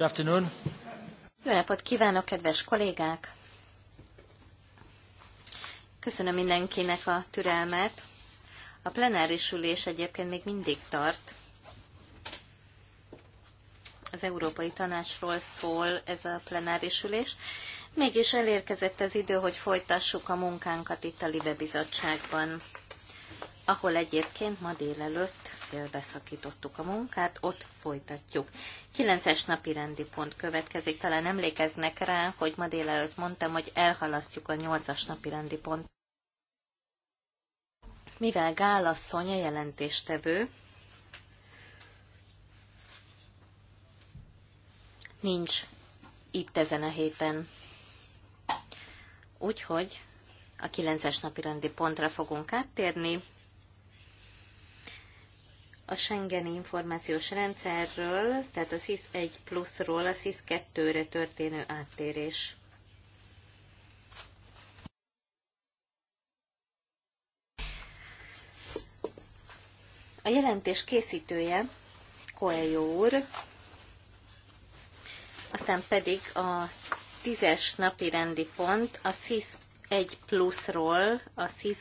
Good afternoon. Jó napot kívánok, kedves kollégák! Köszönöm mindenkinek a türelmet. A plenáris ülés egyébként még mindig tart. Az Európai Tanácsról szól ez a plenáris ülés. Mégis elérkezett az idő, hogy folytassuk a munkánkat itt a Libe Bizottságban, ahol egyébként ma délelőtt szakítottuk a munkát, ott folytatjuk. Kilences napi rendi pont következik. Talán emlékeznek rá, hogy ma délelőtt mondtam, hogy elhalasztjuk a nyolcas napi rendi pont. Mivel Gálasszony a jelentéstevő, nincs itt ezen a héten. Úgyhogy a 9-es napi rendi pontra fogunk áttérni a Schengen információs rendszerről, tehát a SIS 1 pluszról a SIS 2-re történő áttérés. A jelentés készítője Coelho úr, aztán pedig a tízes napi rendi pont a SIS egy pluszról a SZIS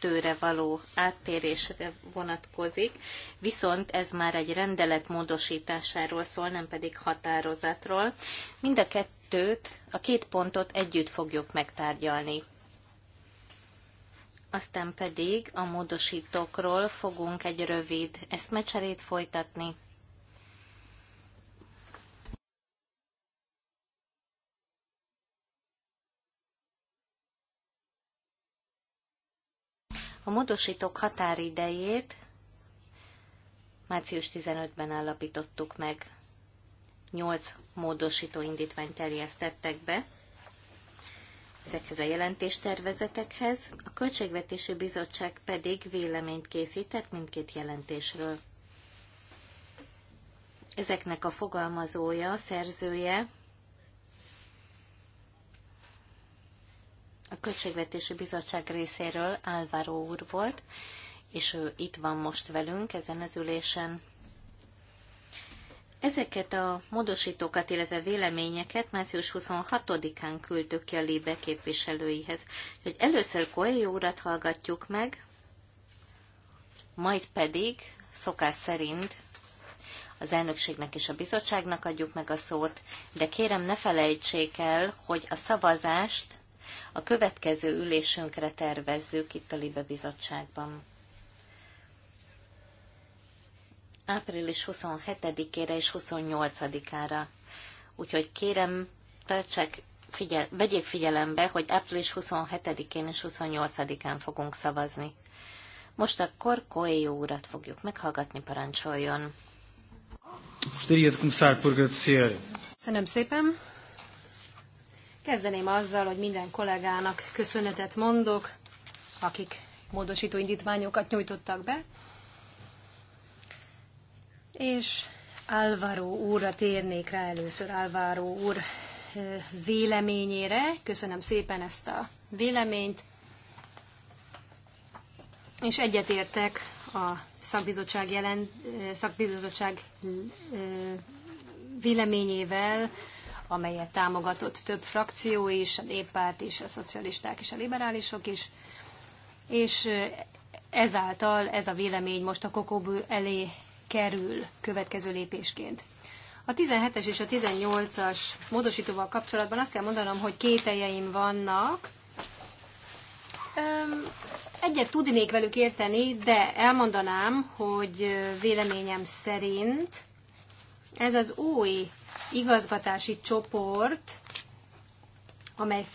2-re való áttérésre vonatkozik, viszont ez már egy rendelet módosításáról szól, nem pedig határozatról. Mind a kettőt, a két pontot együtt fogjuk megtárgyalni. Aztán pedig a módosítókról fogunk egy rövid eszmecserét folytatni, A módosítók határidejét március 15-ben állapítottuk meg. 8 módosító indítvány terjesztettek be ezekhez a jelentéstervezetekhez, a Költségvetési Bizottság pedig véleményt készített mindkét jelentésről. Ezeknek a fogalmazója, szerzője a Költségvetési Bizottság részéről Álvaro úr volt, és ő itt van most velünk ezen az ülésen. Ezeket a módosítókat, illetve véleményeket március 26-án küldtük ki a Libe képviselőihez. Hogy először Koelyó urat hallgatjuk meg, majd pedig szokás szerint az elnökségnek és a bizottságnak adjuk meg a szót, de kérem ne felejtsék el, hogy a szavazást a következő ülésünkre tervezzük itt a Libe Bizottságban. Április 27-ére és 28-ára. Úgyhogy kérem, tartsák figyel, vegyék figyelembe, hogy április 27-én és 28-án fogunk szavazni. Most akkor Coelho úrat fogjuk meghallgatni, parancsoljon. Most de Köszönöm szépen. Kezdeném azzal, hogy minden kollégának köszönetet mondok, akik módosító indítványokat nyújtottak be. És Álvaro úrra térnék rá először, Álvaro úr véleményére. Köszönöm szépen ezt a véleményt. És egyetértek a szakbizottság, jelen, szakbizottság véleményével amelyet támogatott több frakció is, a néppárt is, a szocialisták és a liberálisok is, és ezáltal ez a vélemény most a kokóbű elé kerül következő lépésként. A 17-es és a 18-as módosítóval kapcsolatban azt kell mondanom, hogy kételjeim vannak. egyet tudnék velük érteni, de elmondanám, hogy véleményem szerint ez az új igazgatási csoport, amely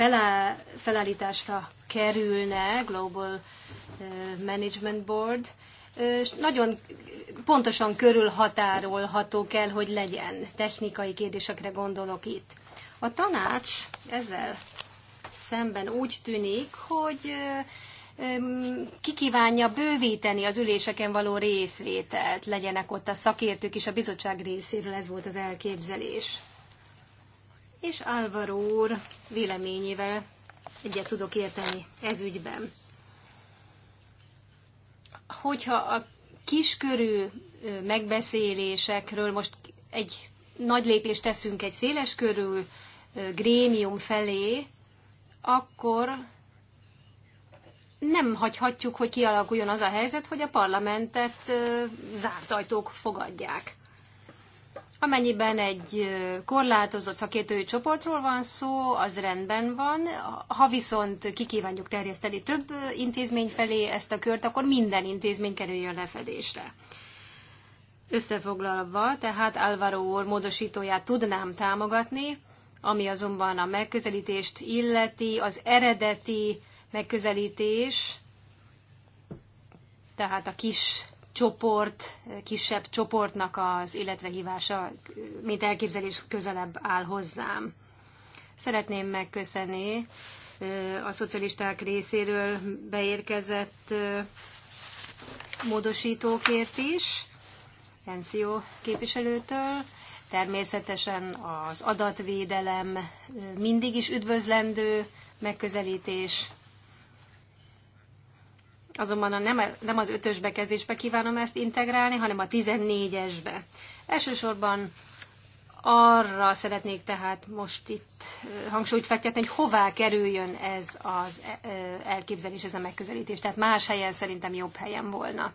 felállításra kerülne, Global Management Board, nagyon pontosan körülhatárolható kell, hogy legyen. Technikai kérdésekre gondolok itt. A tanács ezzel szemben úgy tűnik, hogy kikívánja bővíteni az üléseken való részvételt, legyenek ott a szakértők is a bizottság részéről, ez volt az elképzelés. És Álvaro úr véleményével egyet tudok érteni ez ügyben. Hogyha a kiskörű megbeszélésekről most egy nagy lépést teszünk egy széles körű grémium felé, akkor nem hagyhatjuk, hogy kialakuljon az a helyzet, hogy a parlamentet zárt ajtók fogadják. Amennyiben egy korlátozott szakértői csoportról van szó, az rendben van. Ha viszont kikívánjuk terjeszteni több intézmény felé ezt a kört, akkor minden intézmény kerüljön lefedésre. Összefoglalva, tehát Álvaro úr módosítóját tudnám támogatni, ami azonban a megközelítést illeti, az eredeti megközelítés, tehát a kis csoport, kisebb csoportnak az életrehívása, mint elképzelés közelebb áll hozzám. Szeretném megköszönni a szocialisták részéről beérkezett módosítókért is, Renció képviselőtől. Természetesen az adatvédelem mindig is üdvözlendő megközelítés, azonban a nem, nem az ötös bekezdésbe kívánom ezt integrálni, hanem a 14-esbe. Elsősorban arra szeretnék tehát most itt hangsúlyt fektetni, hogy hová kerüljön ez az elképzelés, ez a megközelítés. Tehát más helyen szerintem jobb helyen volna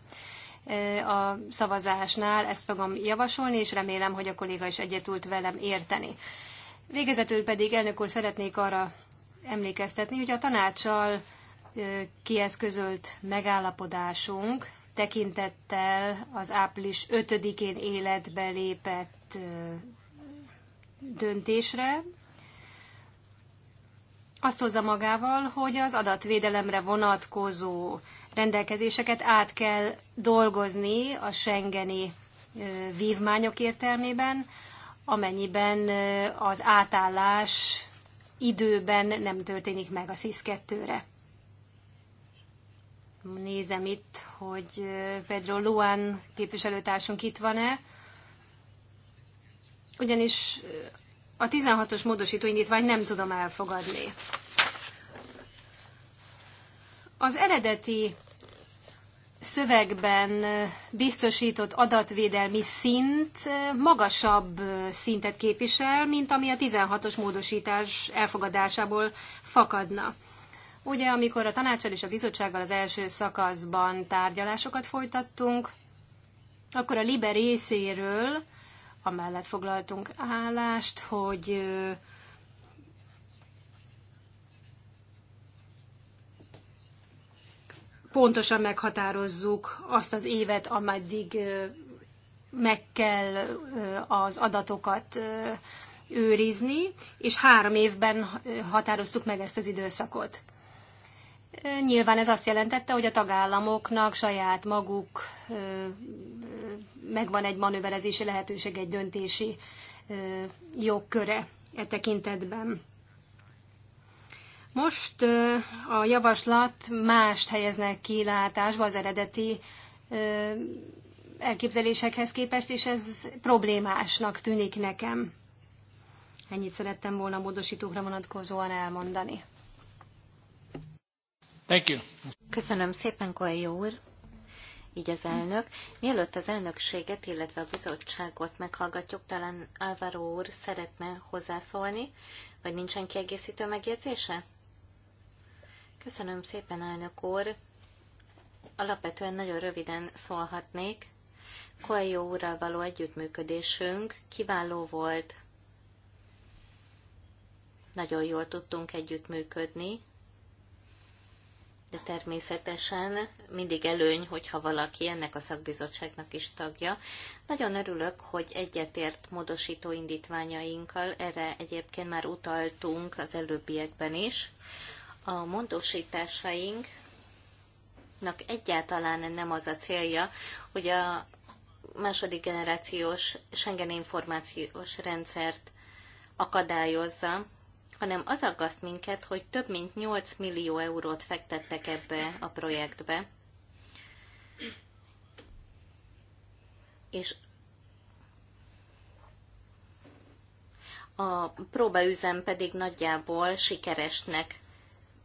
a szavazásnál. Ezt fogom javasolni, és remélem, hogy a kolléga is egyetült velem érteni. Végezetül pedig elnök úr szeretnék arra emlékeztetni, hogy a tanácssal kieszközölt megállapodásunk tekintettel az április 5-én életbe lépett döntésre azt hozza magával, hogy az adatvédelemre vonatkozó rendelkezéseket át kell dolgozni a Schengeni vívmányok értelmében, amennyiben az átállás időben nem történik meg a sis 2-re. Nézem itt, hogy Pedro Luan képviselőtársunk itt van-e. Ugyanis a 16-os módosító indítvány nem tudom elfogadni. Az eredeti szövegben biztosított adatvédelmi szint magasabb szintet képvisel, mint ami a 16-os módosítás elfogadásából fakadna. Ugye, amikor a tanácsal és a bizottsággal az első szakaszban tárgyalásokat folytattunk, akkor a Libe részéről amellett foglaltunk állást, hogy pontosan meghatározzuk azt az évet, ameddig meg kell az adatokat őrizni, és három évben határoztuk meg ezt az időszakot. Nyilván ez azt jelentette, hogy a tagállamoknak saját maguk megvan egy manőverezési lehetőség, egy döntési jogköre e tekintetben. Most a javaslat mást helyeznek látásba az eredeti elképzelésekhez képest, és ez problémásnak tűnik nekem. Ennyit szerettem volna a módosítókra vonatkozóan elmondani. Thank you. Köszönöm szépen, Koelyó úr így az elnök. Mielőtt az elnökséget, illetve a bizottságot meghallgatjuk, talán Álvaro úr szeretne hozzászólni, vagy nincsen kiegészítő megjegyzése? Köszönöm szépen, elnök úr. Alapvetően nagyon röviden szólhatnék. Koelyó úrral való együttműködésünk kiváló volt. Nagyon jól tudtunk együttműködni, de természetesen mindig előny, hogyha valaki ennek a szakbizottságnak is tagja. Nagyon örülök, hogy egyetért módosító indítványainkkal, erre egyébként már utaltunk az előbbiekben is. A módosításainknak egyáltalán nem az a célja, hogy a második generációs Schengen információs rendszert akadályozza, hanem az aggaszt minket, hogy több mint 8 millió eurót fektettek ebbe a projektbe. És a próbaüzem pedig nagyjából sikeresnek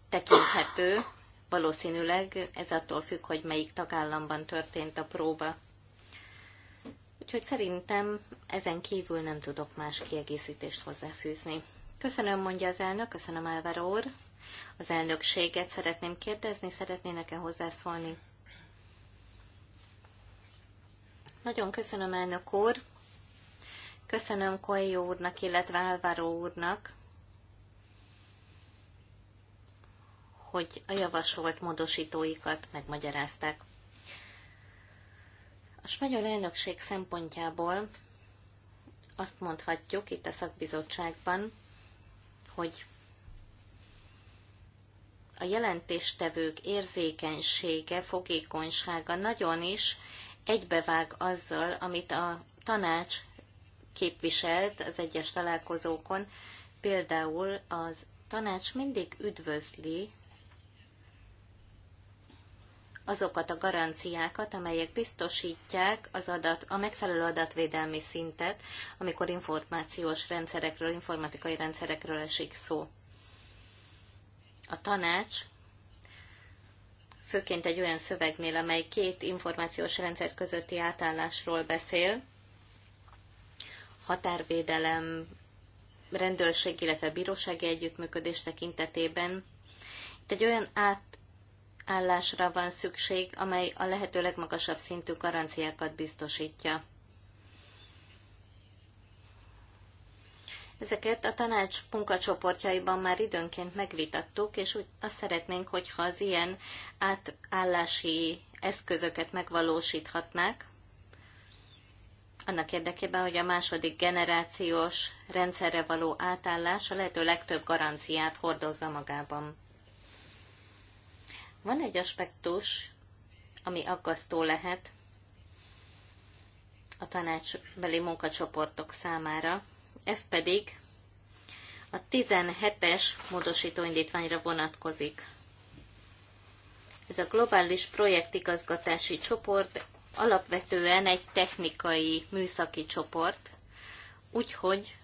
tekinthető, valószínűleg ez attól függ, hogy melyik tagállamban történt a próba. Úgyhogy szerintem ezen kívül nem tudok más kiegészítést hozzáfűzni. Köszönöm, mondja az elnök, köszönöm Álvaro úr. Az elnökséget szeretném kérdezni, szeretnének-e hozzászólni? Nagyon köszönöm, elnök úr. Köszönöm Koelyó úrnak, illetve Álvaro úrnak, hogy a javasolt módosítóikat megmagyarázták. A spanyol elnökség szempontjából azt mondhatjuk itt a szakbizottságban, hogy a jelentéstevők érzékenysége, fogékonysága nagyon is egybevág azzal, amit a tanács képviselt az egyes találkozókon. Például az tanács mindig üdvözli azokat a garanciákat, amelyek biztosítják az adat, a megfelelő adatvédelmi szintet, amikor információs rendszerekről, informatikai rendszerekről esik szó. A tanács főként egy olyan szövegnél, amely két információs rendszer közötti átállásról beszél, határvédelem, rendőrség, illetve bírósági együttműködés tekintetében. Itt egy olyan át, állásra van szükség, amely a lehető legmagasabb szintű garanciákat biztosítja. Ezeket a tanács munkacsoportjaiban már időnként megvitattuk, és úgy azt szeretnénk, hogyha az ilyen átállási eszközöket megvalósíthatnák, annak érdekében, hogy a második generációs rendszerre való átállás a lehető legtöbb garanciát hordozza magában. Van egy aspektus, ami aggasztó lehet a tanácsbeli munkacsoportok számára, ez pedig a 17-es módosítóindítványra vonatkozik. Ez a globális projektigazgatási csoport alapvetően egy technikai műszaki csoport, úgyhogy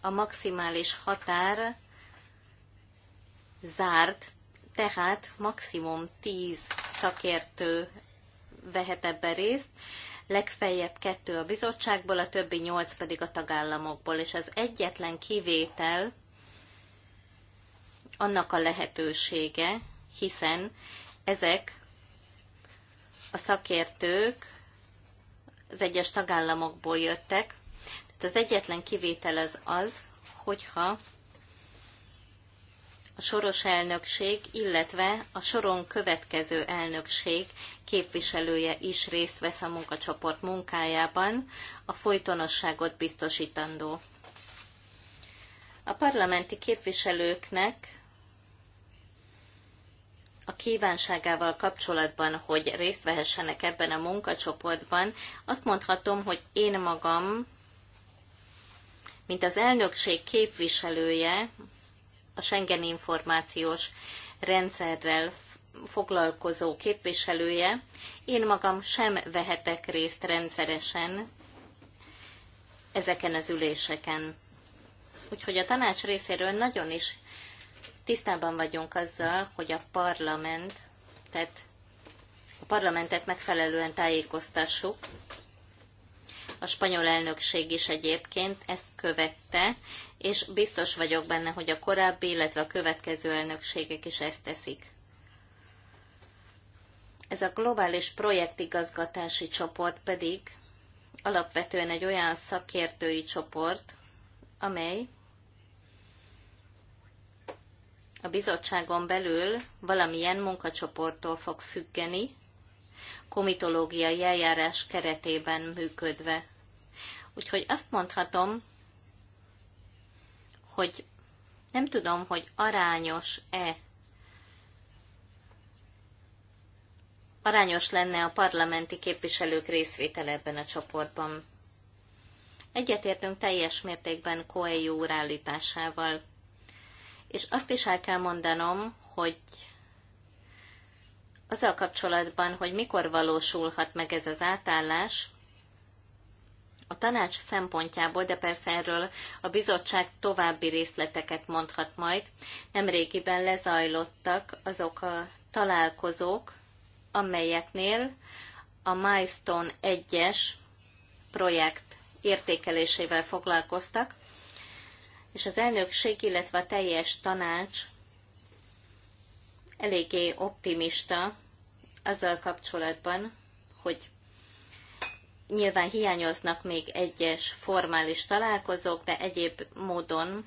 a maximális határ zárt tehát maximum 10 szakértő vehet ebben részt, legfeljebb kettő a bizottságból, a többi nyolc pedig a tagállamokból, és az egyetlen kivétel annak a lehetősége, hiszen ezek a szakértők az egyes tagállamokból jöttek, tehát az egyetlen kivétel az az, hogyha a soros elnökség, illetve a soron következő elnökség képviselője is részt vesz a munkacsoport munkájában, a folytonosságot biztosítandó. A parlamenti képviselőknek a kívánságával kapcsolatban, hogy részt vehessenek ebben a munkacsoportban, azt mondhatom, hogy én magam, mint az elnökség képviselője, a Schengen információs rendszerrel foglalkozó képviselője, én magam sem vehetek részt rendszeresen ezeken az üléseken. Úgyhogy a tanács részéről nagyon is tisztában vagyunk azzal, hogy a parlament, tehát a parlamentet megfelelően tájékoztassuk, a spanyol elnökség is egyébként ezt követte, és biztos vagyok benne, hogy a korábbi, illetve a következő elnökségek is ezt teszik. Ez a globális projektigazgatási csoport pedig alapvetően egy olyan szakértői csoport, amely a bizottságon belül valamilyen munkacsoporttól fog függeni, komitológiai eljárás keretében működve. Úgyhogy azt mondhatom, hogy nem tudom, hogy arányos-e arányos lenne a parlamenti képviselők részvétele ebben a csoportban. Egyetértünk teljes mértékben Koei úr állításával. És azt is el kell mondanom, hogy azzal kapcsolatban, hogy mikor valósulhat meg ez az átállás, a tanács szempontjából, de persze erről a bizottság további részleteket mondhat majd. Nemrégiben lezajlottak azok a találkozók, amelyeknél a Milestone 1-es projekt értékelésével foglalkoztak, és az elnökség, illetve a teljes tanács eléggé optimista azzal kapcsolatban, hogy nyilván hiányoznak még egyes formális találkozók, de egyéb módon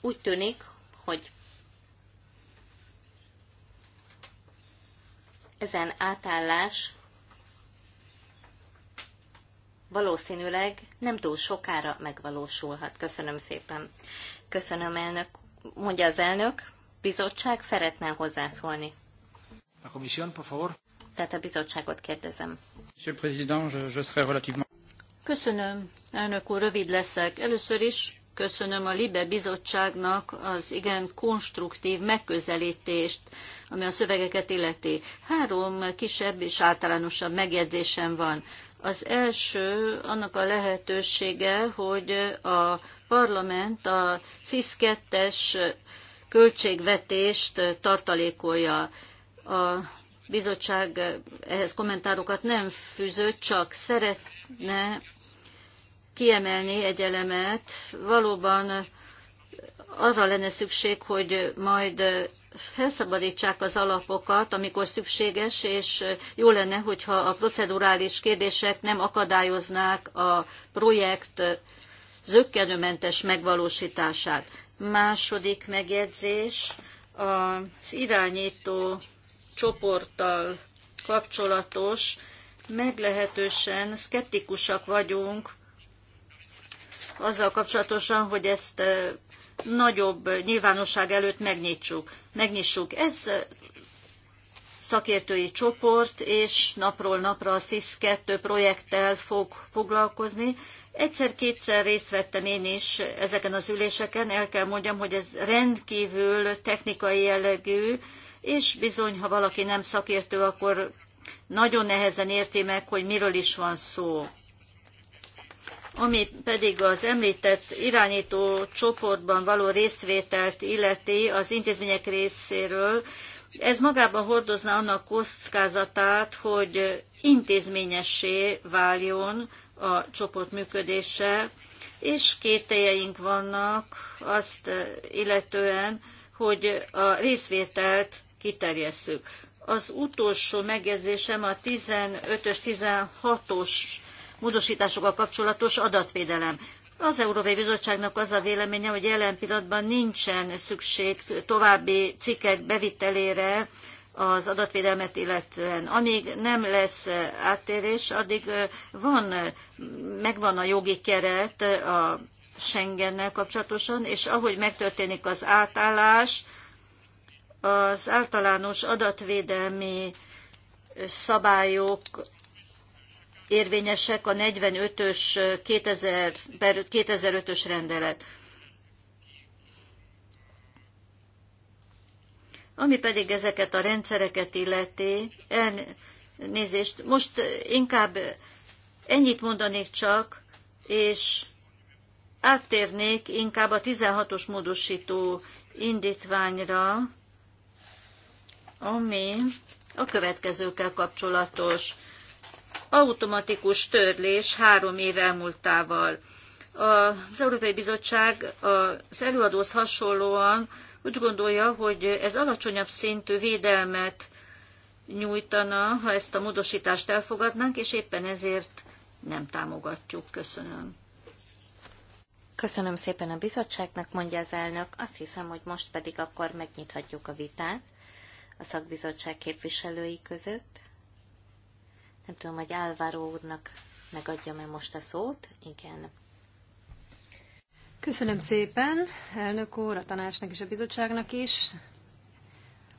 úgy tűnik, hogy ezen átállás valószínűleg nem túl sokára megvalósulhat. Köszönöm szépen. Köszönöm, elnök mondja az elnök, bizottság szeretne hozzászólni. A komisszión, por favor. Tehát a bizottságot kérdezem. Monsieur Président, je, je serai relativement... Köszönöm, elnök úr, rövid leszek. Először is köszönöm a Libe bizottságnak az igen konstruktív megközelítést, ami a szövegeket illeti. Három kisebb és általánosabb megjegyzésem van. Az első annak a lehetősége, hogy a parlament a CISZ 2-es költségvetést tartalékolja. A bizottság ehhez kommentárokat nem fűzött, csak szeretne kiemelni egy elemet. Valóban arra lenne szükség, hogy majd felszabadítsák az alapokat, amikor szükséges, és jó lenne, hogyha a procedurális kérdések nem akadályoznák a projekt zöggenőmentes megvalósítását. Második megjegyzés, az irányító csoporttal kapcsolatos, meglehetősen szkeptikusak vagyunk azzal kapcsolatosan, hogy ezt nagyobb nyilvánosság előtt megnyitsuk. megnyissuk. Ez szakértői csoport, és napról napra a SZISZ 2 projekttel fog foglalkozni. Egyszer-kétszer részt vettem én is ezeken az üléseken, el kell mondjam, hogy ez rendkívül technikai jellegű, és bizony, ha valaki nem szakértő, akkor nagyon nehezen érti meg, hogy miről is van szó. Ami pedig az említett irányító csoportban való részvételt illeti az intézmények részéről, ez magában hordozna annak kockázatát, hogy intézményessé váljon a csoport működése, és kételjeink vannak azt illetően, hogy a részvételt kiterjesszük. Az utolsó megjegyzésem a 15-ös, 16-os módosításokkal kapcsolatos adatvédelem. Az Európai Bizottságnak az a véleménye, hogy jelen pillanatban nincsen szükség további cikkek bevitelére az adatvédelmet illetően. Amíg nem lesz áttérés, addig van, megvan a jogi keret a Schengennel kapcsolatosan, és ahogy megtörténik az átállás, az általános adatvédelmi szabályok érvényesek a 45-ös 2005-ös rendelet. Ami pedig ezeket a rendszereket illeti, elnézést, most inkább ennyit mondanék csak, és áttérnék inkább a 16-os módosító indítványra, ami a következőkkel kapcsolatos automatikus törlés három év elmúltával. Az Európai Bizottság az előadóhoz hasonlóan úgy gondolja, hogy ez alacsonyabb szintű védelmet nyújtana, ha ezt a módosítást elfogadnánk, és éppen ezért nem támogatjuk. Köszönöm. Köszönöm szépen a bizottságnak, mondja az elnök. Azt hiszem, hogy most pedig akkor megnyithatjuk a vitát a szakbizottság képviselői között. Nem tudom, hogy Álvaro úrnak megadjam-e most a szót. Igen. Köszönöm szépen, elnök úr, a tanácsnak és a bizottságnak is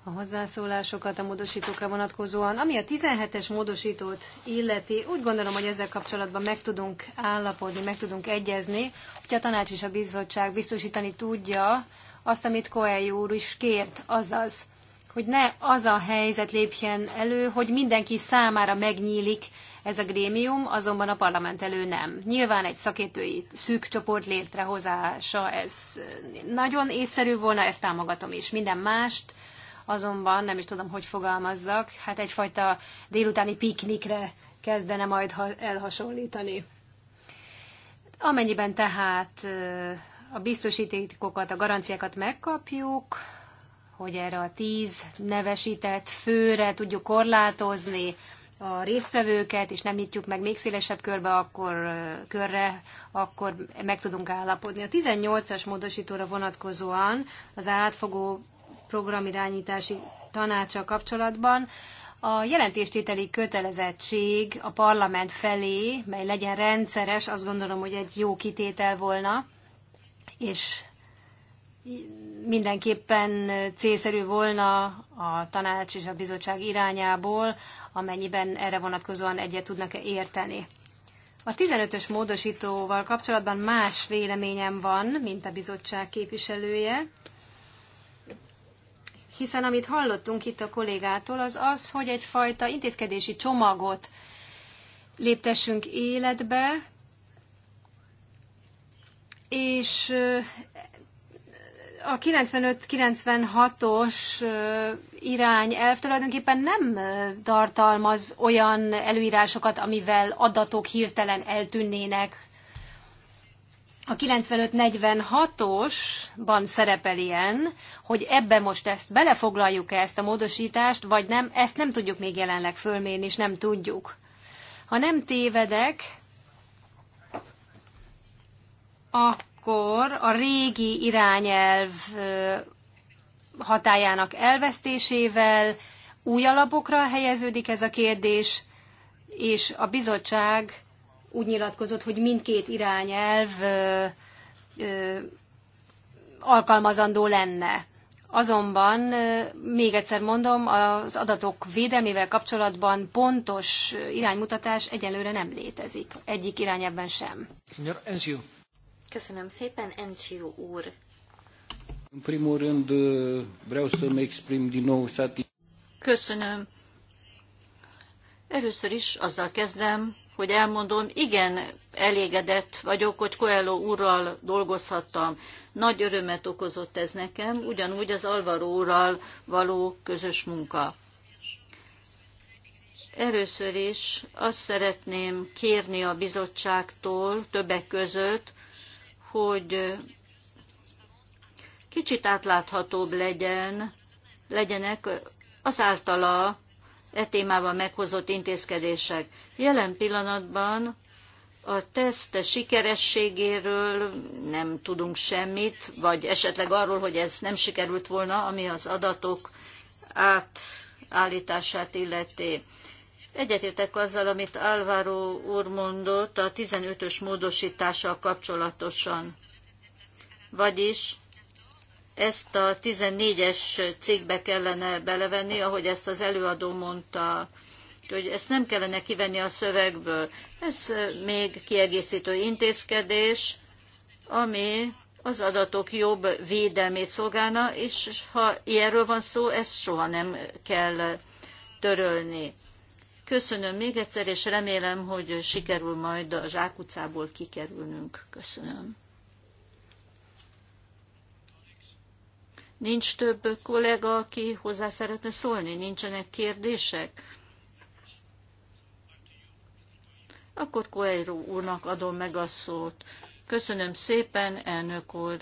a hozzászólásokat a módosítókra vonatkozóan. Ami a 17-es módosítót illeti, úgy gondolom, hogy ezzel kapcsolatban meg tudunk állapodni, meg tudunk egyezni, hogy a tanács és a bizottság biztosítani tudja azt, amit Koelj úr is kért, azaz, hogy ne az a helyzet lépjen elő, hogy mindenki számára megnyílik ez a grémium, azonban a parlament elő nem. Nyilván egy szakértői szűk csoport létrehozása, ez nagyon észszerű volna, ezt támogatom is. Minden mást azonban nem is tudom, hogy fogalmazzak, hát egyfajta délutáni piknikre kezdene majd elhasonlítani. Amennyiben tehát a biztosítékokat, a garanciákat megkapjuk, hogy erre a tíz nevesített főre tudjuk korlátozni a résztvevőket, és nem nyitjuk meg még szélesebb körbe, akkor, körre, akkor meg tudunk állapodni. A 18-as módosítóra vonatkozóan az átfogó programirányítási tanácsa kapcsolatban a jelentéstételi kötelezettség a parlament felé, mely legyen rendszeres, azt gondolom, hogy egy jó kitétel volna, és mindenképpen célszerű volna a tanács és a bizottság irányából, amennyiben erre vonatkozóan egyet tudnak -e érteni. A 15-ös módosítóval kapcsolatban más véleményem van, mint a bizottság képviselője, hiszen amit hallottunk itt a kollégától, az az, hogy egyfajta intézkedési csomagot léptessünk életbe, és a 95-96-os irányelv tulajdonképpen nem tartalmaz olyan előírásokat, amivel adatok hirtelen eltűnnének. A 95-46-osban szerepel ilyen, hogy ebbe most ezt belefoglaljuk -e ezt a módosítást, vagy nem, ezt nem tudjuk még jelenleg fölmérni, és nem tudjuk. Ha nem tévedek, a akkor a régi irányelv hatájának elvesztésével új alapokra helyeződik ez a kérdés, és a bizottság úgy nyilatkozott, hogy mindkét irányelv alkalmazandó lenne. Azonban, még egyszer mondom, az adatok védelmével kapcsolatban pontos iránymutatás egyelőre nem létezik, egyik irányában sem. Señor Köszönöm szépen, Enciu úr. În primul rând, vreau să-mi exprim din nou Köszönöm. Először is azzal kezdem, hogy elmondom, igen, elégedett vagyok, hogy Coelho úrral dolgozhattam. Nagy örömet okozott ez nekem, ugyanúgy az Alvaro úrral való közös munka. Először is azt szeretném kérni a bizottságtól többek között, hogy kicsit átláthatóbb legyen, legyenek az általa e témában meghozott intézkedések. Jelen pillanatban a teszt sikerességéről nem tudunk semmit, vagy esetleg arról, hogy ez nem sikerült volna, ami az adatok átállítását illeti. Egyetértek azzal, amit Álvaro úr mondott a 15-ös módosítással kapcsolatosan. Vagyis ezt a 14-es cikkbe kellene belevenni, ahogy ezt az előadó mondta, hogy ezt nem kellene kivenni a szövegből. Ez még kiegészítő intézkedés, ami az adatok jobb védelmét szolgálna, és ha ilyenről van szó, ezt soha nem kell törölni. Köszönöm még egyszer, és remélem, hogy sikerül majd a zsákutcából kikerülnünk. Köszönöm. Nincs több kollega, aki hozzá szeretne szólni? Nincsenek kérdések? Akkor Coelho úrnak adom meg a szót. Köszönöm szépen, elnök úr.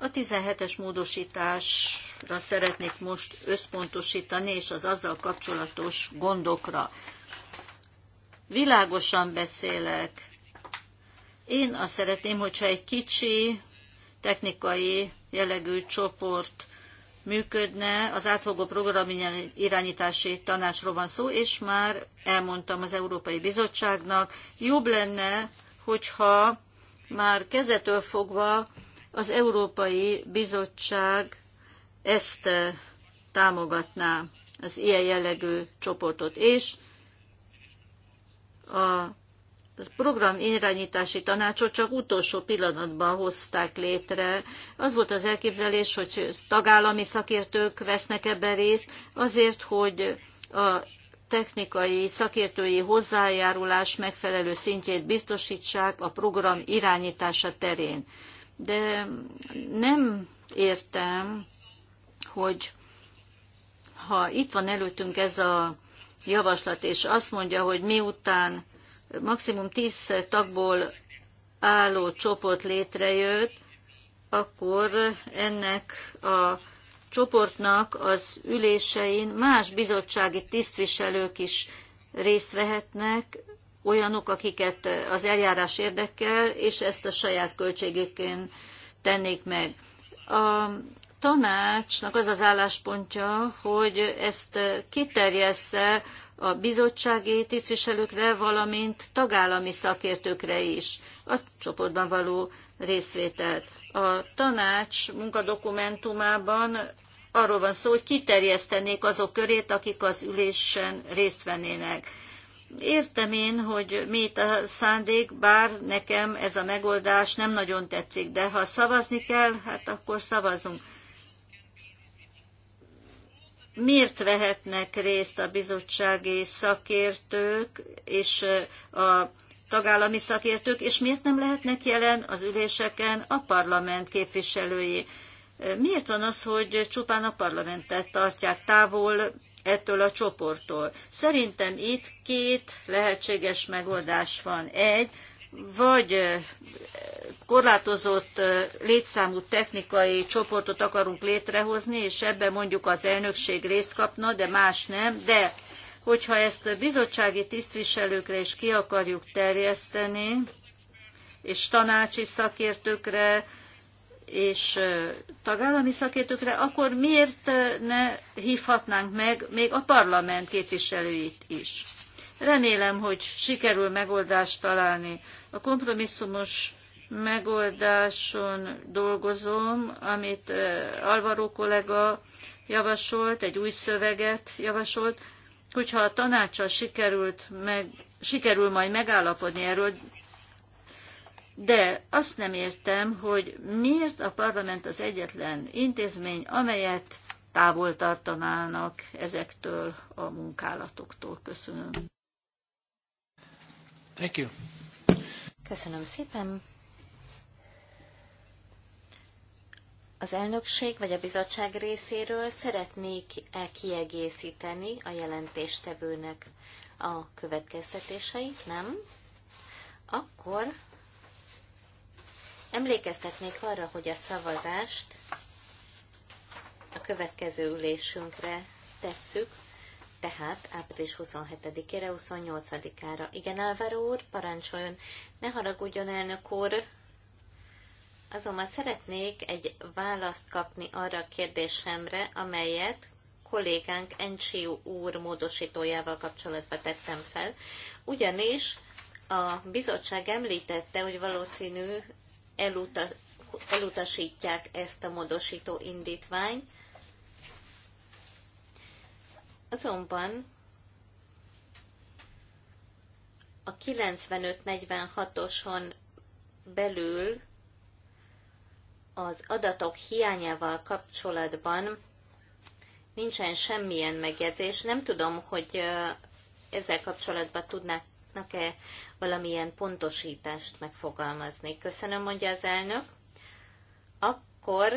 A 17-es módosításra szeretnék most összpontosítani, és az azzal kapcsolatos gondokra. Világosan beszélek. Én azt szeretném, hogyha egy kicsi technikai jellegű csoport működne, az átfogó program irányítási tanácsról van szó, és már elmondtam az Európai Bizottságnak, jobb lenne, hogyha már kezdetől fogva az Európai Bizottság ezt eh, támogatná, az ilyen jellegű csoportot. És a az program irányítási tanácsot csak utolsó pillanatban hozták létre. Az volt az elképzelés, hogy tagállami szakértők vesznek ebben részt, azért, hogy a technikai szakértői hozzájárulás megfelelő szintjét biztosítsák a program irányítása terén de nem értem, hogy ha itt van előttünk ez a javaslat, és azt mondja, hogy miután maximum 10 tagból álló csoport létrejött, akkor ennek a csoportnak az ülésein más bizottsági tisztviselők is részt vehetnek, olyanok, akiket az eljárás érdekel, és ezt a saját költségükén tennék meg. A tanácsnak az az álláspontja, hogy ezt kiterjessze a bizottsági tisztviselőkre, valamint tagállami szakértőkre is a csoportban való részvételt. A tanács munkadokumentumában arról van szó, hogy kiterjesztenék azok körét, akik az ülésen részt vennének. Értem én, hogy mi itt a szándék, bár nekem ez a megoldás nem nagyon tetszik, de ha szavazni kell, hát akkor szavazunk. Miért vehetnek részt a bizottsági szakértők és a tagállami szakértők, és miért nem lehetnek jelen az üléseken a parlament képviselői? Miért van az, hogy csupán a parlamentet tartják távol ettől a csoporttól. Szerintem itt két lehetséges megoldás van. Egy, vagy korlátozott létszámú technikai csoportot akarunk létrehozni, és ebben mondjuk az elnökség részt kapna, de más nem, de hogyha ezt bizottsági tisztviselőkre is ki akarjuk terjeszteni, és tanácsi szakértőkre, és tagállami szakértőkre, akkor miért ne hívhatnánk meg még a parlament képviselőit is? Remélem, hogy sikerül megoldást találni. A kompromisszumos megoldáson dolgozom, amit Alvaro kollega javasolt, egy új szöveget javasolt, hogyha a tanácsa sikerült meg, sikerül majd megállapodni erről, de azt nem értem, hogy miért a parlament az egyetlen intézmény, amelyet távol tartanának ezektől a munkálatoktól. Köszönöm. Thank you. Köszönöm szépen. Az elnökség vagy a bizottság részéről szeretnék -e kiegészíteni a jelentéstevőnek a következtetéseit, nem? Akkor Emlékeztetnék arra, hogy a szavazást a következő ülésünkre tesszük, tehát április 27-ére, 28-ára. Igen, Álvaro úr, parancsoljon, ne haragudjon, elnök úr, Azonban szeretnék egy választ kapni arra a kérdésemre, amelyet kollégánk Encsiu úr módosítójával kapcsolatban tettem fel, ugyanis a bizottság említette, hogy valószínű eluta, elutasítják ezt a módosító indítványt. Azonban a 95-46-oson belül az adatok hiányával kapcsolatban nincsen semmilyen megjegyzés. Nem tudom, hogy ezzel kapcsolatban tudnák tudnak-e valamilyen pontosítást megfogalmazni? Köszönöm, mondja az elnök. Akkor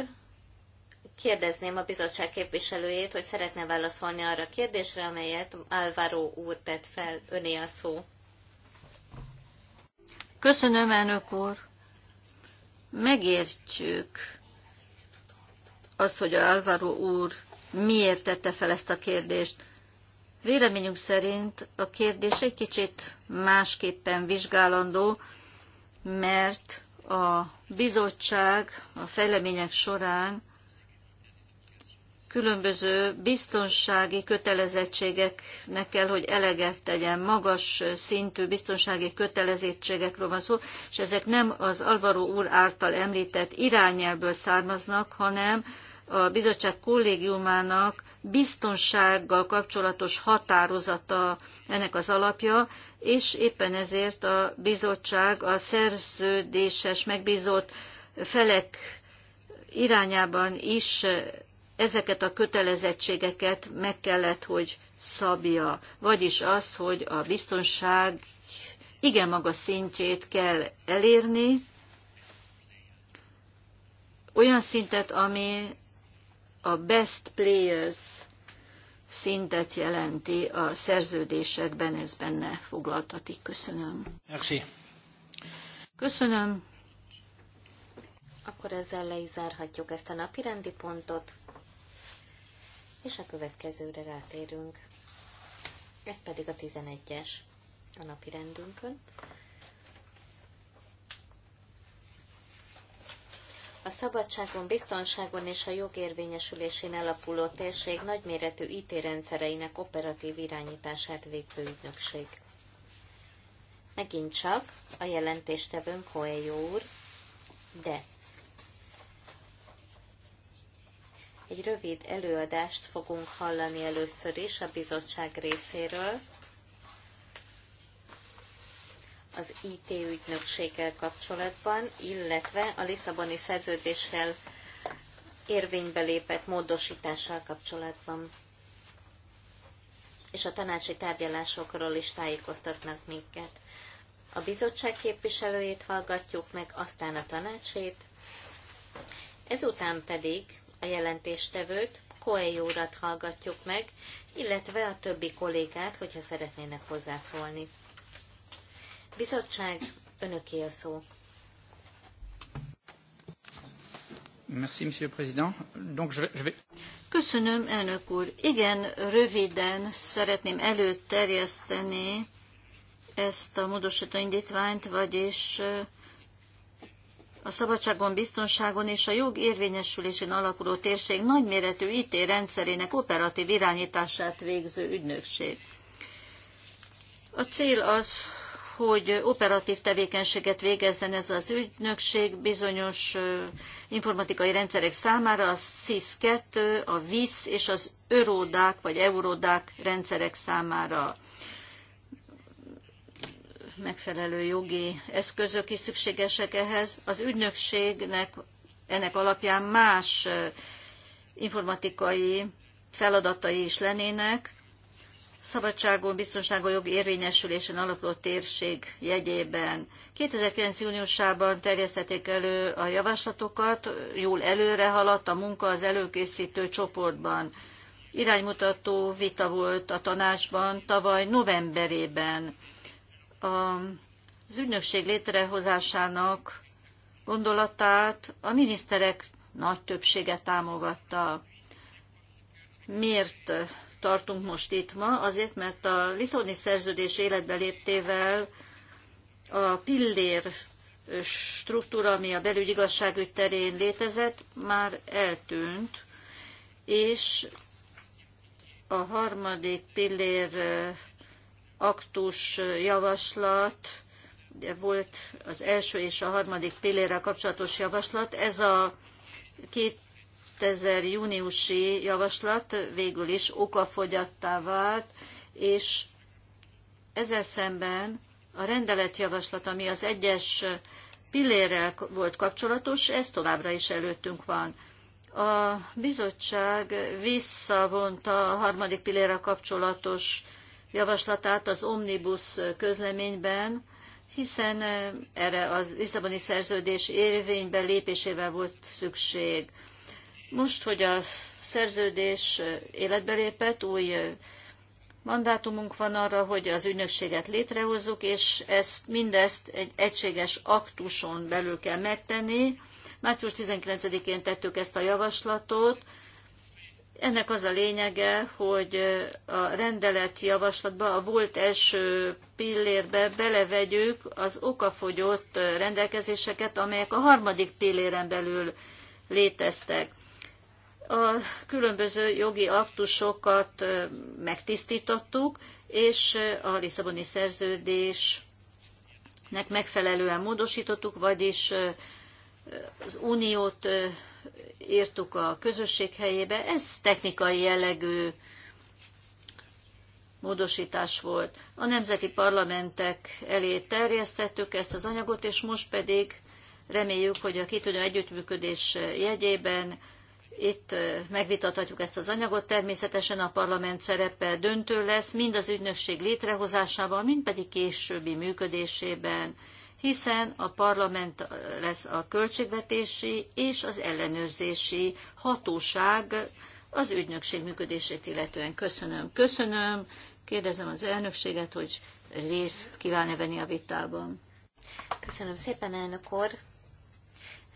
kérdezném a bizottság képviselőjét, hogy szeretne válaszolni arra a kérdésre, amelyet Álvaro úr tett fel, öné a szó. Köszönöm, elnök úr. Megértjük azt, hogy Álvaro úr miért tette fel ezt a kérdést. Véleményünk szerint a kérdés egy kicsit másképpen vizsgálandó, mert a bizottság a fejlemények során különböző biztonsági kötelezettségeknek kell, hogy eleget tegyen, magas szintű biztonsági kötelezettségekről van szó, és ezek nem az Alvaro úr által említett irányelből származnak, hanem a bizottság kollégiumának biztonsággal kapcsolatos határozata ennek az alapja, és éppen ezért a bizottság a szerződéses megbízott felek irányában is ezeket a kötelezettségeket meg kellett, hogy szabja. Vagyis az, hogy a biztonság igen magas szintjét kell elérni, olyan szintet, ami a best players szintet jelenti a szerződésekben, ez benne foglaltatik. Köszönöm. Merci. Köszönöm. Akkor ezzel le is zárhatjuk ezt a napi rendi pontot, és a következőre rátérünk. Ez pedig a 11-es a napi rendünkön. A szabadságon, biztonságon és a jogérvényesülésén alapuló térség nagyméretű IT-rendszereinek operatív irányítását végző ügynökség. Megint csak a jelentéstevőnk Hoejó úr, de egy rövid előadást fogunk hallani először is a bizottság részéről, az IT ügynökséggel kapcsolatban, illetve a Lisszaboni szerződéssel érvénybe lépett módosítással kapcsolatban. És a tanácsi tárgyalásokról is tájékoztatnak minket. A bizottság képviselőjét hallgatjuk meg, aztán a tanácsét, ezután pedig a jelentéstevőt, Koei úrat hallgatjuk meg, illetve a többi kollégát, hogyha szeretnének hozzászólni. Bizottság, önöké a szó. Merci, Monsieur le Président. Donc, je vais... Köszönöm, elnök úr. Igen, röviden szeretném előterjeszteni ezt a módosító indítványt, vagyis eh, a szabadságon, biztonságon és a jog érvényesülésén alakuló térség nagyméretű IT rendszerének operatív irányítását végző ügynökség. A cél az, hogy operatív tevékenységet végezzen ez az ügynökség bizonyos informatikai rendszerek számára, a SIS-2, a VIS és az Eurodák vagy Eurodák rendszerek számára megfelelő jogi eszközök is szükségesek ehhez. Az ügynökségnek ennek alapján más informatikai feladatai is lennének, szabadságon, biztonságon, jogi érvényesülésen alapuló térség jegyében. 2009. júniusában terjesztették elő a javaslatokat, jól előre haladt a munka az előkészítő csoportban. Iránymutató vita volt a tanácsban tavaly novemberében. Az ügynökség létrehozásának gondolatát a miniszterek nagy többsége támogatta. Miért tartunk most itt ma, azért, mert a Lisszaboni szerződés életbe léptével a pillér struktúra, ami a belügyigazságügy terén létezett, már eltűnt, és a harmadik pillér aktus javaslat, de volt az első és a harmadik pillérrel kapcsolatos javaslat, ez a két 2000 júniusi javaslat végül is okafogyattá vált, és ezzel szemben a rendeletjavaslat, ami az egyes pillérrel volt kapcsolatos, ez továbbra is előttünk van. A bizottság visszavonta a harmadik pillérrel kapcsolatos javaslatát az Omnibus közleményben, hiszen eh, erre a Lisszaboni szerződés érvénybe lépésével volt szükség. Most, hogy a szerződés életbe lépett, új mandátumunk van arra, hogy az ügynökséget létrehozzuk, és ezt mindezt egy egységes aktuson belül kell megtenni. Március 19-én tettük ezt a javaslatot. Ennek az a lényege, hogy a rendelet javaslatba, a volt első pillérbe belevegyük az okafogyott rendelkezéseket, amelyek a harmadik pilléren belül léteztek a különböző jogi aktusokat megtisztítottuk, és a Lisszaboni szerződésnek megfelelően módosítottuk, vagyis az uniót írtuk a közösség helyébe. Ez technikai jellegű módosítás volt. A nemzeti parlamentek elé terjesztettük ezt az anyagot, és most pedig reméljük, hogy a kitűnő együttműködés jegyében itt megvitathatjuk ezt az anyagot, természetesen a parlament szerepe döntő lesz, mind az ügynökség létrehozásában, mind pedig későbbi működésében, hiszen a parlament lesz a költségvetési és az ellenőrzési hatóság az ügynökség működését illetően. Köszönöm, köszönöm. Kérdezem az elnökséget, hogy részt kíván-e venni a vitában. Köszönöm szépen, elnök úr.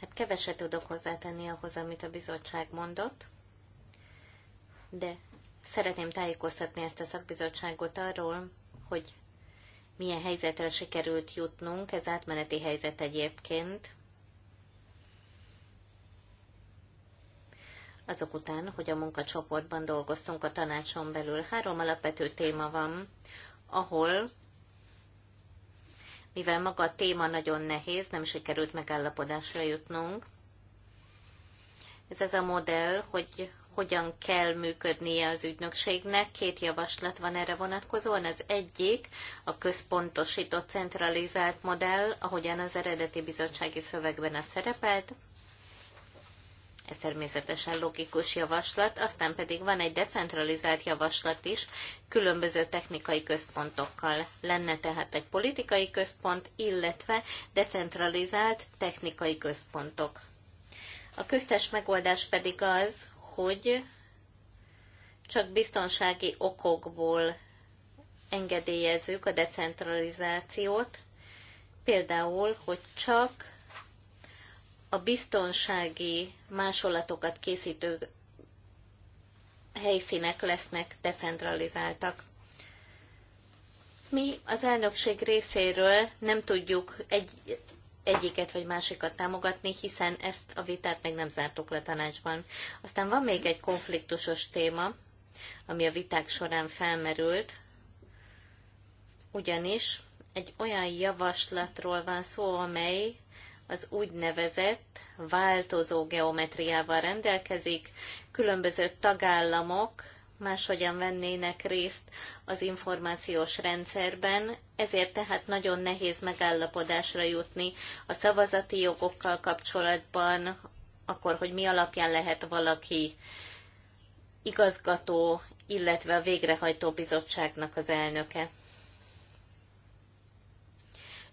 Hát keveset tudok hozzátenni ahhoz, amit a bizottság mondott, de szeretném tájékoztatni ezt a szakbizottságot arról, hogy milyen helyzetre sikerült jutnunk, ez átmeneti helyzet egyébként, azok után, hogy a munkacsoportban dolgoztunk a tanácson belül. Három alapvető téma van, ahol mivel maga a téma nagyon nehéz, nem sikerült megállapodásra jutnunk. Ez az a modell, hogy hogyan kell működnie az ügynökségnek. Két javaslat van erre vonatkozóan. Az egyik a központosított, centralizált modell, ahogyan az eredeti bizottsági szövegben a szerepelt. Ez természetesen logikus javaslat, aztán pedig van egy decentralizált javaslat is, különböző technikai központokkal lenne tehát egy politikai központ, illetve decentralizált technikai központok. A köztes megoldás pedig az, hogy csak biztonsági okokból engedélyezzük a decentralizációt, például, hogy csak a biztonsági másolatokat készítő helyszínek lesznek decentralizáltak. Mi az elnökség részéről nem tudjuk egy, egyiket vagy másikat támogatni, hiszen ezt a vitát még nem zártuk le tanácsban. Aztán van még egy konfliktusos téma, ami a viták során felmerült, ugyanis egy olyan javaslatról van szó, amely az úgynevezett változó geometriával rendelkezik. Különböző tagállamok máshogyan vennének részt az információs rendszerben, ezért tehát nagyon nehéz megállapodásra jutni a szavazati jogokkal kapcsolatban, akkor, hogy mi alapján lehet valaki igazgató, illetve a végrehajtó bizottságnak az elnöke.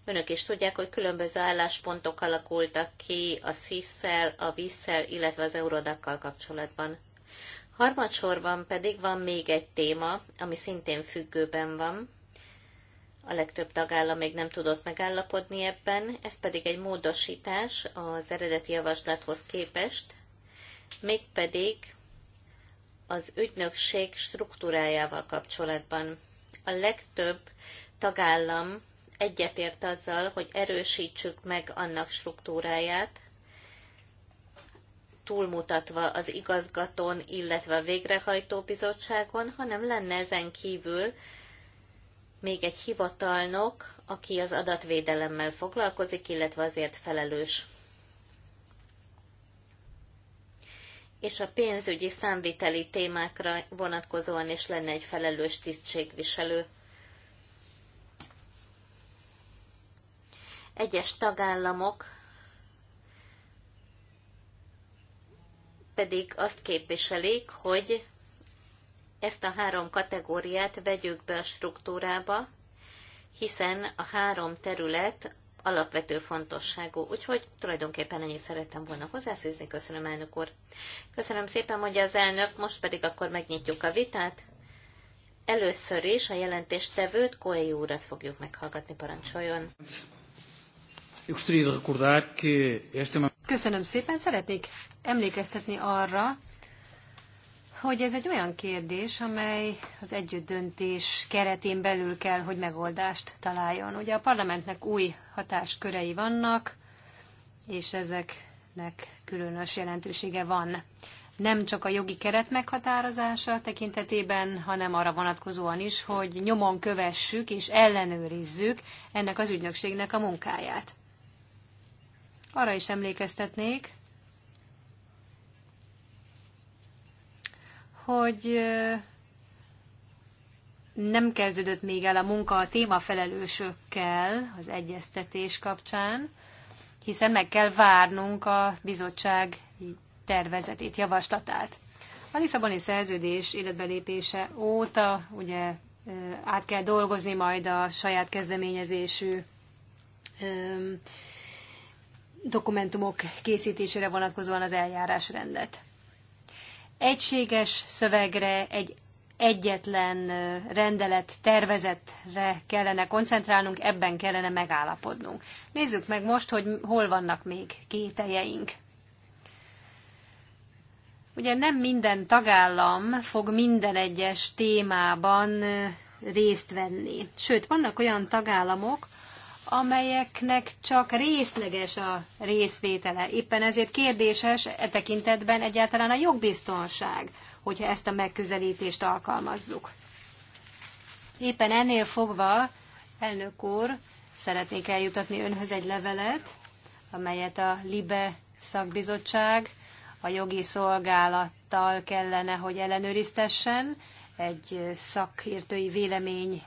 Önök is tudják, hogy különböző álláspontok alakultak ki a sziszel, a vízszel, illetve az eurodakkal kapcsolatban. Harmadsorban pedig van még egy téma, ami szintén függőben van. A legtöbb tagállam még nem tudott megállapodni ebben, ez pedig egy módosítás az eredeti javaslathoz képest, mégpedig az ügynökség struktúrájával kapcsolatban. A legtöbb tagállam egyetért azzal, hogy erősítsük meg annak struktúráját, túlmutatva az igazgatón, illetve a végrehajtó bizottságon, hanem lenne ezen kívül még egy hivatalnok, aki az adatvédelemmel foglalkozik, illetve azért felelős. És a pénzügyi számviteli témákra vonatkozóan is lenne egy felelős tisztségviselő. Egyes tagállamok pedig azt képviselik, hogy ezt a három kategóriát vegyük be a struktúrába, hiszen a három terület alapvető fontosságú. Úgyhogy tulajdonképpen ennyit szerettem volna hozzáfűzni. Köszönöm, elnök úr. Köszönöm szépen, hogy az elnök. Most pedig akkor megnyitjuk a vitát. Először is a jelentéstevőt, Koei úrat fogjuk meghallgatni, parancsoljon. Köszönöm szépen, szeretnék emlékeztetni arra, hogy ez egy olyan kérdés, amely az együtt döntés keretén belül kell, hogy megoldást találjon. Ugye a parlamentnek új hatáskörei vannak, és ezeknek különös jelentősége van. Nem csak a jogi keret meghatározása tekintetében, hanem arra vonatkozóan is, hogy nyomon kövessük és ellenőrizzük ennek az ügynökségnek a munkáját. Arra is emlékeztetnék, hogy nem kezdődött még el a munka a témafelelősökkel az egyeztetés kapcsán, hiszen meg kell várnunk a bizottság tervezetét, javaslatát. A Lisszaboni szerződés életbelépése óta ugye át kell dolgozni majd a saját kezdeményezésű dokumentumok készítésére vonatkozóan az eljárásrendet. Egységes szövegre, egy egyetlen rendelet tervezetre kellene koncentrálnunk, ebben kellene megállapodnunk. Nézzük meg most, hogy hol vannak még kételjeink. Ugye nem minden tagállam fog minden egyes témában részt venni. Sőt, vannak olyan tagállamok, amelyeknek csak részleges a részvétele. Éppen ezért kérdéses e tekintetben egyáltalán a jogbiztonság, hogyha ezt a megközelítést alkalmazzuk. Éppen ennél fogva, elnök úr, szeretnék eljutatni önhöz egy levelet, amelyet a LIBE szakbizottság a jogi szolgálattal kellene, hogy ellenőriztessen egy szakértői vélemény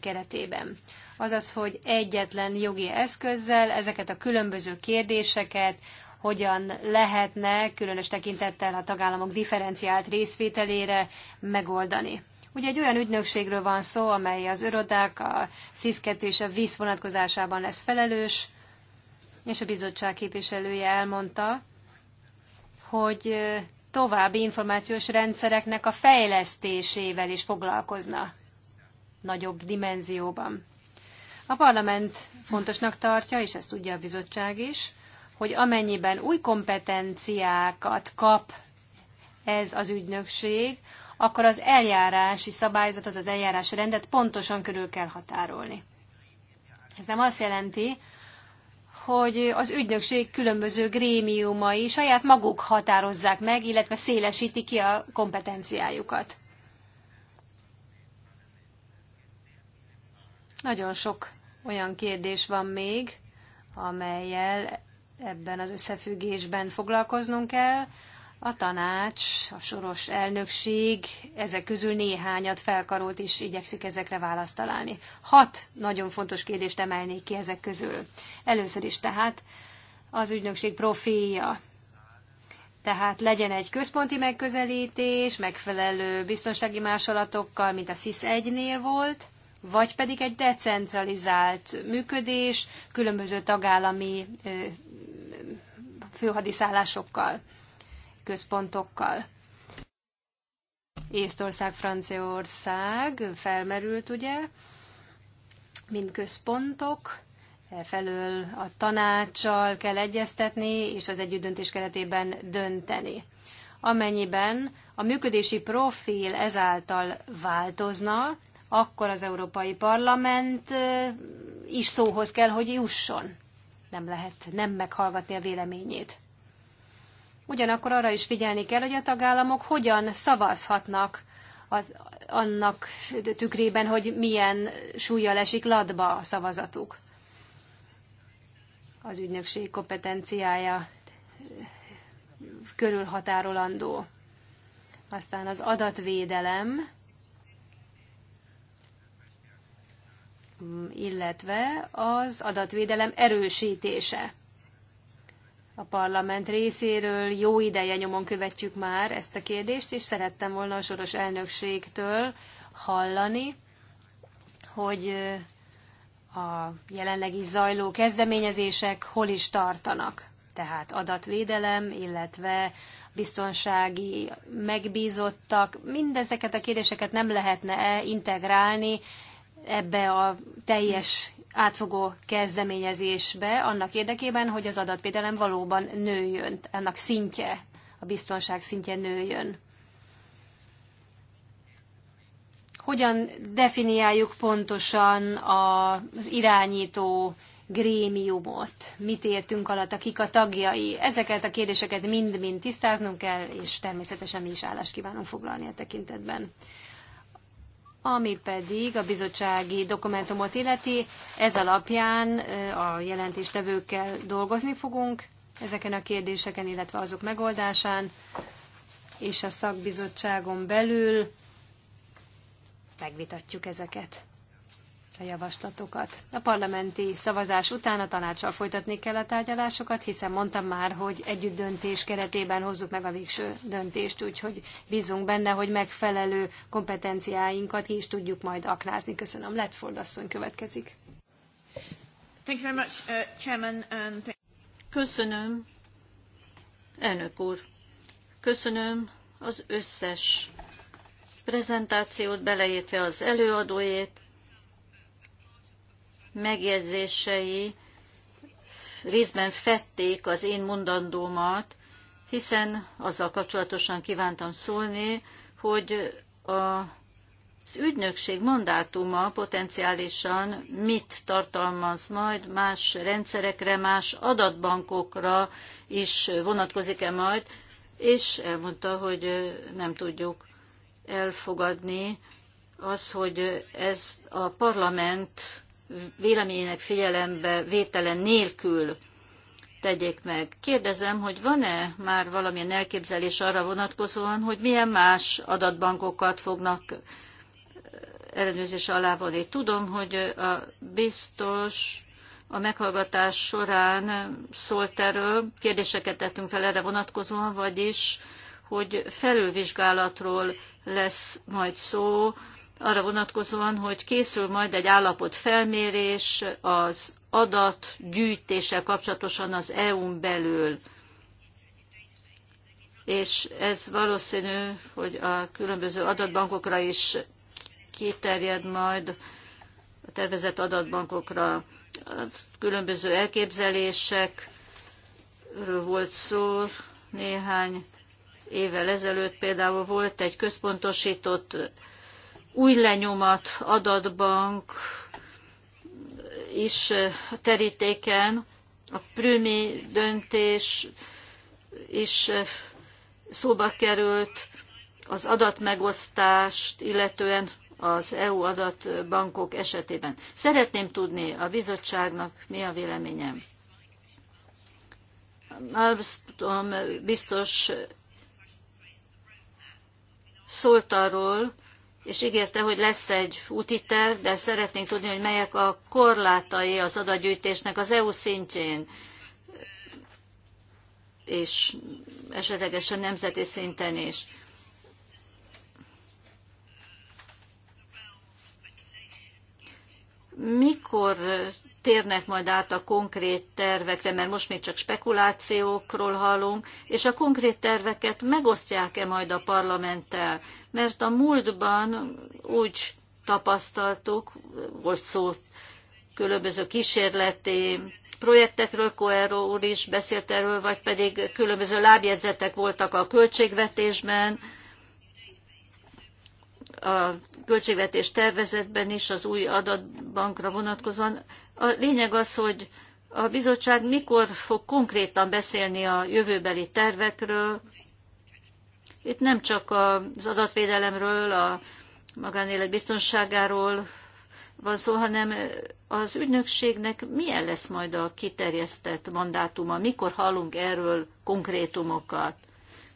keretében azaz, hogy egyetlen jogi eszközzel ezeket a különböző kérdéseket hogyan lehetne, különös tekintettel a tagállamok differenciált részvételére megoldani. Ugye egy olyan ügynökségről van szó, amely az örodák, a SZISZ-2 és a víz vonatkozásában lesz felelős, és a bizottság képviselője elmondta, hogy további információs rendszereknek a fejlesztésével is foglalkozna nagyobb dimenzióban. A parlament fontosnak tartja, és ezt tudja a bizottság is, hogy amennyiben új kompetenciákat kap ez az ügynökség, akkor az eljárási szabályzatot, az eljárási rendet pontosan körül kell határolni. Ez nem azt jelenti, hogy az ügynökség különböző grémiumai saját maguk határozzák meg, illetve szélesíti ki a kompetenciájukat. Nagyon sok olyan kérdés van még, amelyel ebben az összefüggésben foglalkoznunk kell. A tanács, a soros elnökség, ezek közül néhányat felkarolt és igyekszik ezekre választ találni. Hat nagyon fontos kérdést emelnék ki ezek közül. Először is tehát az ügynökség profilja. Tehát legyen egy központi megközelítés, megfelelő biztonsági másolatokkal, mint a SIS-1-nél volt, vagy pedig egy decentralizált működés különböző tagállami főhadiszállásokkal, központokkal. Észtország, Franciaország felmerült ugye, mint központok, e felől a tanácssal kell egyeztetni, és az együttdöntés keretében dönteni. Amennyiben a működési profil ezáltal változna, akkor az Európai Parlament is szóhoz kell, hogy jusson. Nem lehet nem meghallgatni a véleményét. Ugyanakkor arra is figyelni kell, hogy a tagállamok hogyan szavazhatnak annak tükrében, hogy milyen súlya esik ladba a szavazatuk. Az ügynökség kompetenciája körülhatárolandó. Aztán az adatvédelem, illetve az adatvédelem erősítése. A parlament részéről jó ideje nyomon követjük már ezt a kérdést, és szerettem volna a soros elnökségtől hallani, hogy a jelenleg is zajló kezdeményezések hol is tartanak. Tehát adatvédelem, illetve biztonsági megbízottak, mindezeket a kérdéseket nem lehetne -e integrálni ebbe a teljes átfogó kezdeményezésbe annak érdekében, hogy az adatvédelem valóban nőjön, annak szintje, a biztonság szintje nőjön. Hogyan definiáljuk pontosan az irányító grémiumot? Mit értünk alatt, akik a tagjai? Ezeket a kérdéseket mind-mind tisztáznunk kell, és természetesen mi is állást kívánunk foglalni a e tekintetben. Ami pedig a bizottsági dokumentumot illeti, ez alapján a jelentéstevőkkel dolgozni fogunk ezeken a kérdéseken, illetve azok megoldásán, és a szakbizottságon belül megvitatjuk ezeket a javaslatokat. A parlamenti szavazás után a tanácssal folytatni kell a tárgyalásokat, hiszen mondtam már, hogy együtt döntés keretében hozzuk meg a végső döntést, úgyhogy bízunk benne, hogy megfelelő kompetenciáinkat ki is tudjuk majd aknázni. Köszönöm. Letford asszony következik. Thank you very much, uh, Chairman, and Köszönöm, elnök úr. Köszönöm az összes prezentációt, beleértve az előadójét, megjegyzései részben fették az én mondandómat, hiszen azzal kapcsolatosan kívántam szólni, hogy a, az ügynökség mandátuma potenciálisan mit tartalmaz majd, más rendszerekre, más adatbankokra is vonatkozik-e majd, és elmondta, hogy nem tudjuk elfogadni az, hogy ez a parlament véleményének figyelembe vétele nélkül tegyék meg. Kérdezem, hogy van-e már valamilyen elképzelés arra vonatkozóan, hogy milyen más adatbankokat fognak ellenőrzés alá vonni. Tudom, hogy a biztos a meghallgatás során szólt erről, kérdéseket tettünk fel erre vonatkozóan, vagyis, hogy felülvizsgálatról lesz majd szó arra vonatkozóan, hogy készül majd egy felmérés, az adatgyűjtéssel kapcsolatosan az EU-n belül. És ez valószínű, hogy a különböző adatbankokra is kiterjed majd, a tervezett adatbankokra különböző elképzelésekről volt szó néhány évvel ezelőtt például volt egy központosított új lenyomat adatbank is eh, terítéken, a prümi döntés is eh, szóba került, az adatmegosztást, illetően az EU adatbankok esetében. Szeretném tudni a bizottságnak mi a véleményem. Malmström biztos szólt arról, és ígérte, hogy lesz egy úti terv, de szeretnénk tudni, hogy melyek a korlátai az adatgyűjtésnek az EU szintjén, és esetlegesen nemzeti szinten is. Mikor térnek majd át a konkrét tervekre, mert most még csak spekulációkról hallunk, és a konkrét terveket megosztják-e majd a parlamenttel? Mert a múltban úgy tapasztaltuk, volt szó különböző kísérleti projektekről, Coero úr is beszélt erről, vagy pedig különböző lábjegyzetek voltak a költségvetésben, a költségvetés tervezetben is az új adatbankra vonatkozóan. A lényeg az, hogy a bizottság mikor fog konkrétan beszélni a jövőbeli tervekről. Itt nem csak az adatvédelemről, a magánélet biztonságáról van szó, hanem az ügynökségnek milyen lesz majd a kiterjesztett mandátuma, mikor hallunk erről konkrétumokat.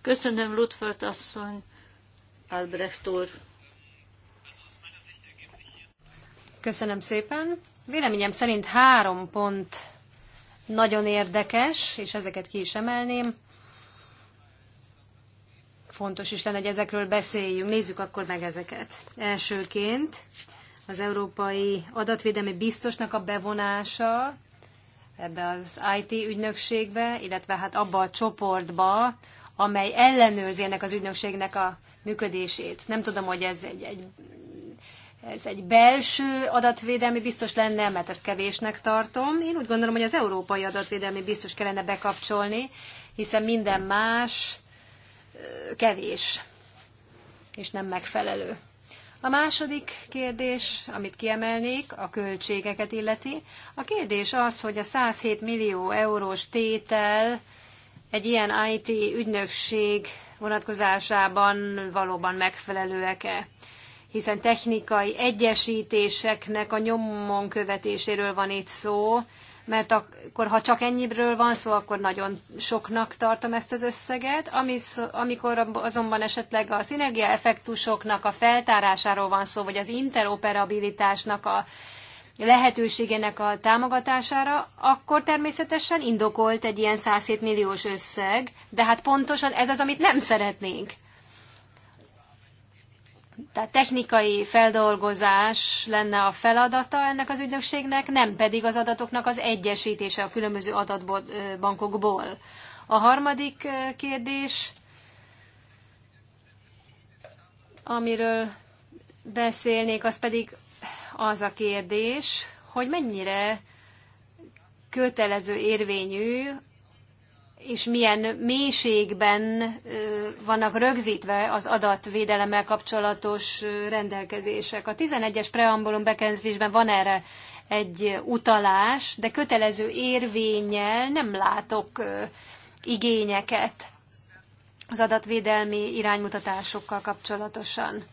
Köszönöm, Lutfert asszony, Albrecht úr. Köszönöm szépen. Véleményem szerint három pont nagyon érdekes, és ezeket ki is emelném. Fontos is lenne, hogy ezekről beszéljünk. Nézzük akkor meg ezeket. Elsőként az Európai Adatvédelmi Biztosnak a bevonása ebbe az IT ügynökségbe, illetve hát abba a csoportba, amely ellenőrzi ennek az ügynökségnek a működését. Nem tudom, hogy ez egy, egy ez egy belső adatvédelmi biztos lenne, mert ezt kevésnek tartom. Én úgy gondolom, hogy az európai adatvédelmi biztos kellene bekapcsolni, hiszen minden más kevés és nem megfelelő. A második kérdés, amit kiemelnék, a költségeket illeti. A kérdés az, hogy a 107 millió eurós tétel egy ilyen IT ügynökség vonatkozásában valóban megfelelőek-e hiszen technikai egyesítéseknek a nyomon követéséről van itt szó, mert akkor, ha csak ennyiről van szó, akkor nagyon soknak tartom ezt az összeget. Amikor azonban esetleg a szinergia effektusoknak a feltárásáról van szó, vagy az interoperabilitásnak a lehetőségének a támogatására, akkor természetesen indokolt egy ilyen 107 milliós összeg, de hát pontosan ez az, amit nem szeretnénk tehát technikai feldolgozás lenne a feladata ennek az ügynökségnek, nem pedig az adatoknak az egyesítése a különböző adatbankokból. A harmadik kérdés, amiről beszélnék, az pedig az a kérdés, hogy mennyire kötelező érvényű és milyen mélységben vannak rögzítve az adatvédelemmel kapcsolatos rendelkezések. A 11-es preambulum bekezdésben van erre egy utalás, de kötelező érvényel nem látok igényeket az adatvédelmi iránymutatásokkal kapcsolatosan.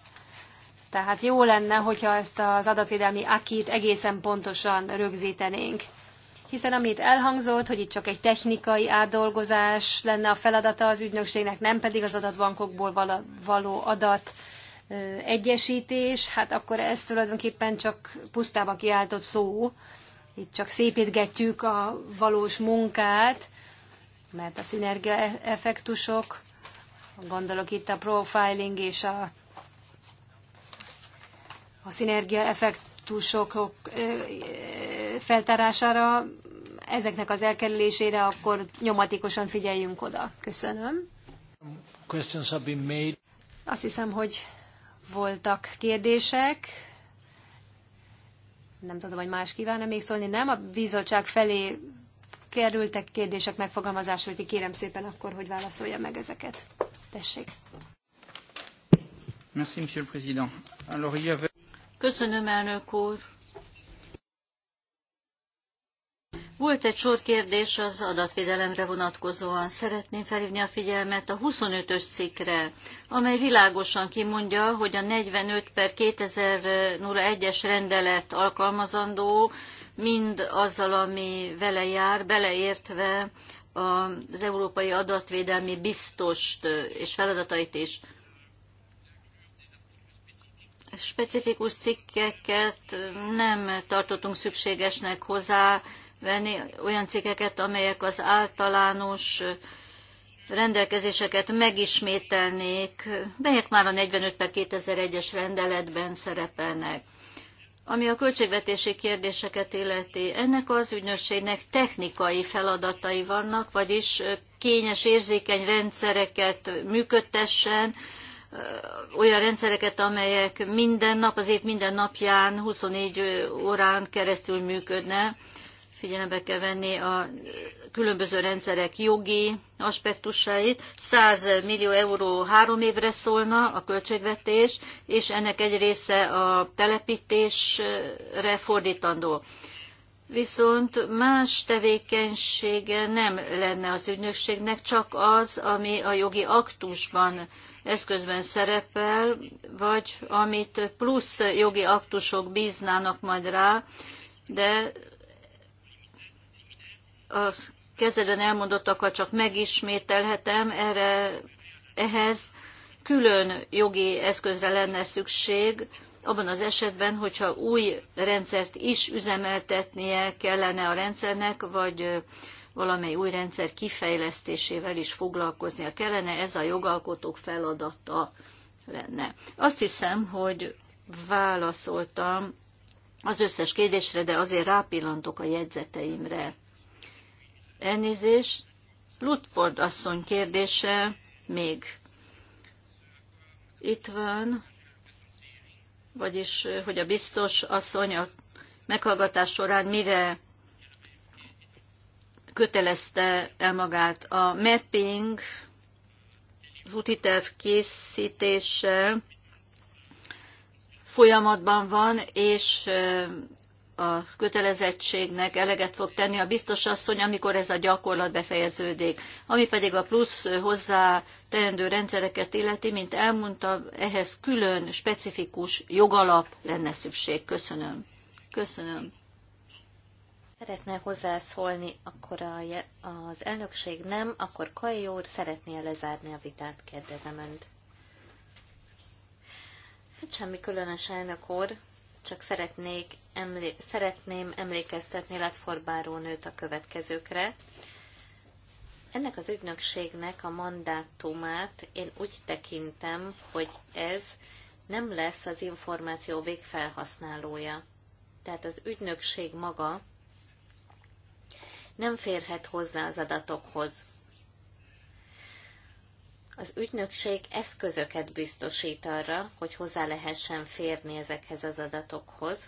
Tehát jó lenne, hogyha ezt az adatvédelmi akit egészen pontosan rögzítenénk hiszen amit elhangzott, hogy itt csak egy technikai átdolgozás lenne a feladata az ügynökségnek, nem pedig az adatbankokból való adat egyesítés, hát akkor ez tulajdonképpen csak pusztában kiáltott szó. Itt csak szépítgetjük a valós munkát, mert a szinergia e- effektusok, gondolok itt a profiling és a, a szinergia effektusok feltárására ezeknek az elkerülésére akkor nyomatékosan figyeljünk oda. Köszönöm. Azt hiszem, hogy voltak kérdések. Nem tudom, hogy más kívánna még szólni. Nem, a bizottság felé kerültek kérdések megfogalmazásra, hogy kérem szépen akkor, hogy válaszolja meg ezeket. Tessék. Merci, Monsieur le Président. Alors, il y avait... Köszönöm, elnök úr. Volt egy sor kérdés az adatvédelemre vonatkozóan. Szeretném felhívni a figyelmet a 25-ös cikkre, amely világosan kimondja, hogy a 45 per 2001-es rendelet alkalmazandó, mind azzal, ami vele jár, beleértve az Európai Adatvédelmi Biztost és feladatait is specifikus cikkeket nem tartottunk szükségesnek hozzá venni olyan cikkeket, amelyek az általános rendelkezéseket megismételnék, melyek már a 45 per 2001-es rendeletben szerepelnek. Ami a költségvetési kérdéseket illeti, ennek az ügynökségnek technikai feladatai vannak, vagyis kényes, érzékeny rendszereket működtessen, olyan rendszereket, amelyek minden nap, az év minden napján, 24 órán keresztül működne, figyelembe kell venni a különböző rendszerek jogi aspektusait. 100 millió euró három évre szólna a költségvetés, és ennek egy része a telepítésre fordítandó. Viszont más tevékenysége nem lenne az ügynökségnek, csak az, ami a jogi aktusban eszközben szerepel, vagy amit plusz jogi aktusok bíznának majd rá, de a kezdetben elmondottakat csak megismételhetem, erre, ehhez külön jogi eszközre lenne szükség, abban az esetben, hogyha új rendszert is üzemeltetnie kellene a rendszernek, vagy valamely új rendszer kifejlesztésével is foglalkoznia kellene, ez a jogalkotók feladata lenne. Azt hiszem, hogy válaszoltam az összes kérdésre, de azért rápillantok a jegyzeteimre. Elnézést, Lutford asszony kérdése még itt van, vagyis eh, hogy a biztos asszony a meghallgatás során mire kötelezte el magát. A mapping, az úti terv készítése folyamatban van, és eh, a kötelezettségnek eleget fog tenni a biztos asszony, amikor ez a gyakorlat befejeződik. Ami pedig a plusz hozzá teendő rendszereket illeti, mint elmondta, ehhez külön, specifikus jogalap lenne szükség. Köszönöm. Köszönöm. Szeretne hozzászólni, akkor a, az elnökség nem, akkor Kai úr szeretné lezárni a vitát, kérdezem önt. Hát semmi különös elnök úr, csak szeretnék emlé- szeretném emlékeztetni Latforbáró nőt a következőkre. Ennek az ügynökségnek a mandátumát én úgy tekintem, hogy ez nem lesz az információ végfelhasználója. Tehát az ügynökség maga nem férhet hozzá az adatokhoz az ügynökség eszközöket biztosít arra, hogy hozzá lehessen férni ezekhez az adatokhoz.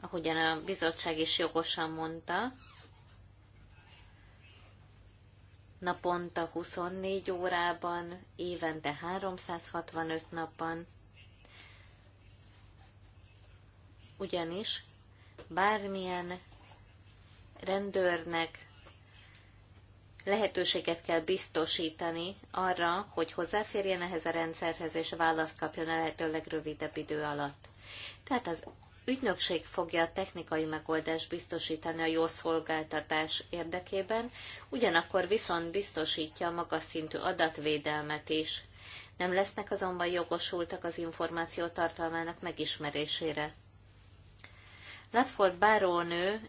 Ahogyan a bizottság is jogosan mondta, naponta 24 órában, évente 365 napban, ugyanis bármilyen rendőrnek, lehetőséget kell biztosítani arra, hogy hozzáférjen ehhez a rendszerhez, és választ kapjon a lehető legrövidebb idő alatt. Tehát az ügynökség fogja a technikai megoldást biztosítani a jó szolgáltatás érdekében, ugyanakkor viszont biztosítja a magas szintű adatvédelmet is. Nem lesznek azonban jogosultak az információ tartalmának megismerésére. Latford bárónő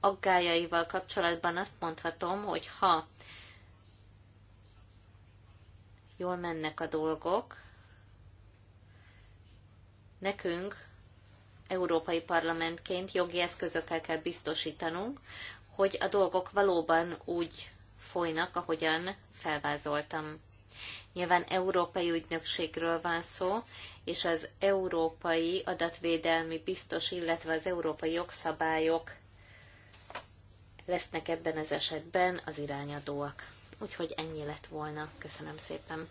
aggájaival kapcsolatban azt mondhatom, hogy ha jól mennek a dolgok, nekünk európai parlamentként jogi eszközökkel kell biztosítanunk, hogy a dolgok valóban úgy folynak, ahogyan felvázoltam. Nyilván európai ügynökségről van szó, és az európai adatvédelmi biztos, illetve az európai jogszabályok lesznek ebben az esetben az irányadóak. Úgyhogy ennyi lett volna. Köszönöm szépen.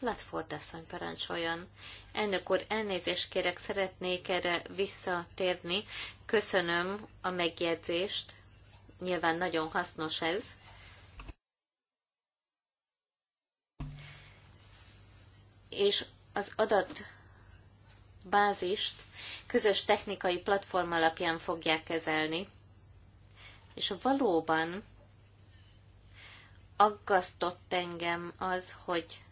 Latford asszony parancsoljon. Elnök úr, elnézést kérek, szeretnék erre visszatérni. Köszönöm a megjegyzést. Nyilván nagyon hasznos ez. És az adat bázist közös technikai platform alapján fogják kezelni, és valóban aggasztott engem az, hogy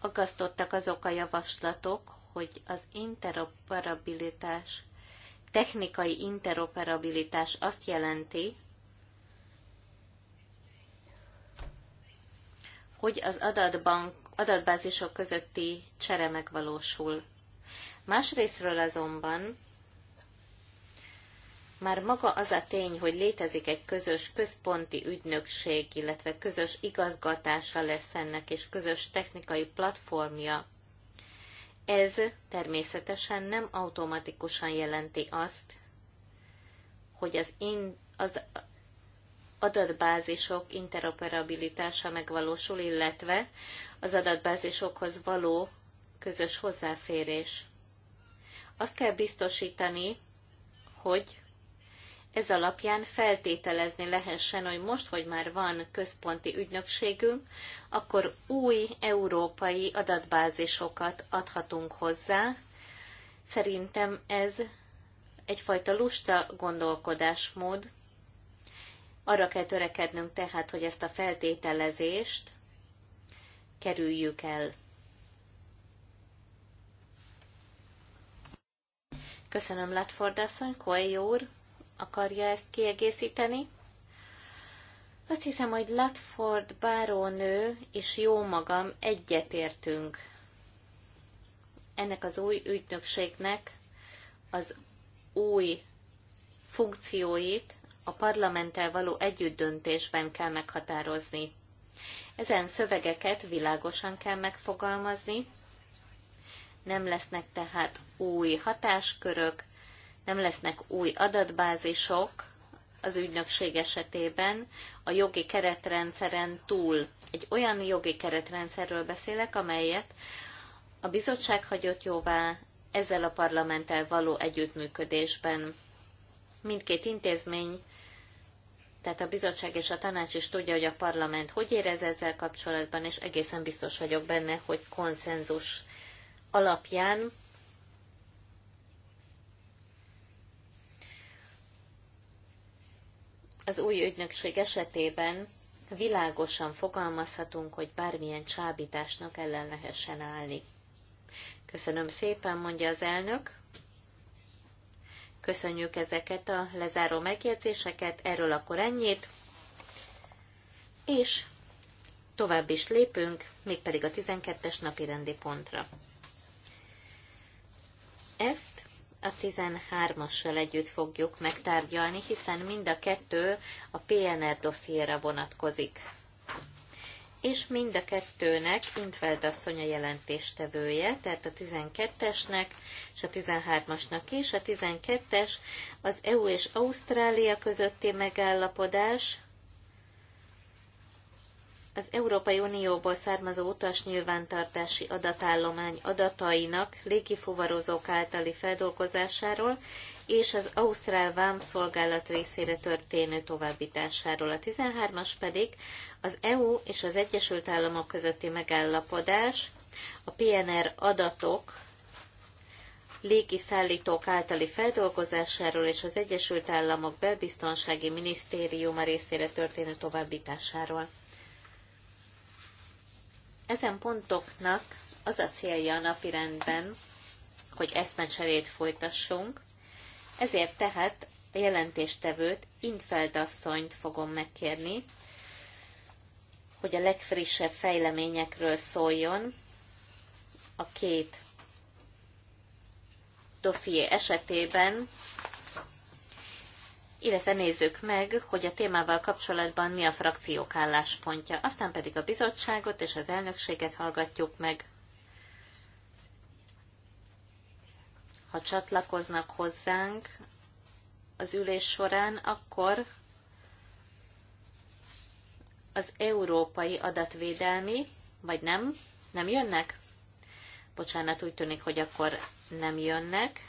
aggasztottak azok a javaslatok, hogy az interoperabilitás, technikai interoperabilitás azt jelenti, hogy az adatbank adatbázisok közötti csere megvalósul. Másrésztről azonban már maga az a tény, hogy létezik egy közös központi ügynökség, illetve közös igazgatása lesz ennek, és közös technikai platformja. Ez természetesen nem automatikusan jelenti azt, hogy az, in, az adatbázisok interoperabilitása megvalósul, illetve az adatbázisokhoz való közös hozzáférés. Azt kell biztosítani, hogy ez alapján feltételezni lehessen, hogy most, hogy már van központi ügynökségünk, akkor új európai adatbázisokat adhatunk hozzá. Szerintem ez egyfajta lusta gondolkodásmód, arra kell törekednünk tehát, hogy ezt a feltételezést kerüljük el. Köszönöm, Latford asszony, Koei úr akarja ezt kiegészíteni. Azt hiszem, hogy Latford bárónő és jó magam egyetértünk ennek az új ügynökségnek az új funkcióit a parlamenttel való együttdöntésben kell meghatározni. Ezen szövegeket világosan kell megfogalmazni, nem lesznek tehát új hatáskörök, nem lesznek új adatbázisok az ügynökség esetében a jogi keretrendszeren túl. Egy olyan jogi keretrendszerről beszélek, amelyet a bizottság hagyott jóvá ezzel a parlamenttel való együttműködésben. Mindkét intézmény tehát a bizottság és a tanács is tudja, hogy a parlament hogy érez ezzel kapcsolatban, és egészen biztos vagyok benne, hogy konszenzus alapján az új ügynökség esetében világosan fogalmazhatunk, hogy bármilyen csábításnak ellen lehessen állni. Köszönöm szépen, mondja az elnök. Köszönjük ezeket a lezáró megjegyzéseket, erről akkor ennyit. És tovább is lépünk, mégpedig a 12-es napi rendi pontra. Ezt a 13-assal együtt fogjuk megtárgyalni, hiszen mind a kettő a PNR dossziéra vonatkozik és mind a kettőnek Intveld asszony a jelentéstevője, tehát a 12-esnek és a 13-asnak is. A 12-es az EU és Ausztrália közötti megállapodás, az Európai Unióból származó utas nyilvántartási adatállomány adatainak légifuvarozók általi feldolgozásáról és az Ausztrál Vámszolgálat részére történő továbbításáról. A 13-as pedig az EU és az Egyesült Államok közötti megállapodás a PNR adatok légiszállítók általi feldolgozásáról és az Egyesült Államok Belbiztonsági Minisztériuma részére történő továbbításáról. Ezen pontoknak az a célja a napirendben, hogy eszmecserét folytassunk, ezért tehát a jelentéstevőt, Intfeld asszonyt fogom megkérni, hogy a legfrissebb fejleményekről szóljon a két dosszié esetében, illetve nézzük meg, hogy a témával kapcsolatban mi a frakciók álláspontja. Aztán pedig a bizottságot és az elnökséget hallgatjuk meg. ha csatlakoznak hozzánk az ülés során, akkor az európai adatvédelmi, vagy nem, nem jönnek? Bocsánat, úgy tűnik, hogy akkor nem jönnek.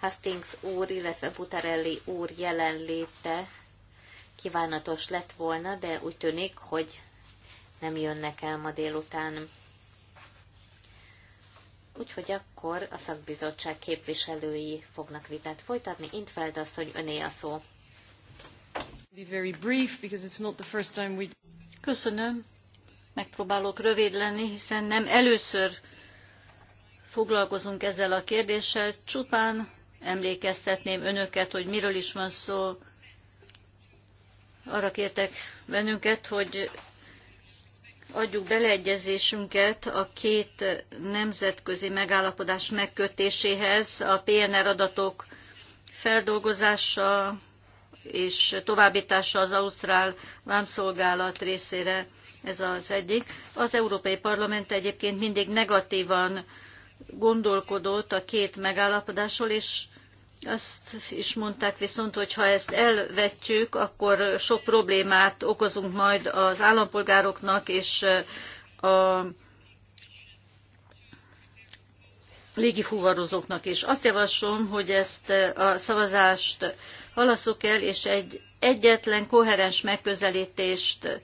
Hastings úr, illetve Butarelli úr jelenléte kívánatos lett volna, de úgy tűnik, hogy nem jönnek el ma délután. Úgyhogy akkor a szakbizottság képviselői fognak vitát folytatni. Intfeld asszony, öné a szó. Köszönöm. Megpróbálok rövid lenni, hiszen nem először foglalkozunk ezzel a kérdéssel. Csupán emlékeztetném önöket, hogy miről is van szó. Arra kértek bennünket, hogy adjuk beleegyezésünket a két nemzetközi megállapodás megkötéséhez, a PNR adatok feldolgozása és továbbítása az Ausztrál Vámszolgálat részére, ez az egyik. Az Európai Parlament egyébként mindig negatívan gondolkodott a két megállapodásról, és azt is mondták viszont, hogy ha ezt elvetjük, akkor sok problémát okozunk majd az állampolgároknak és a légifúvarozóknak is. Azt javaslom, hogy ezt a szavazást halasszuk el, és egy egyetlen koherens megközelítést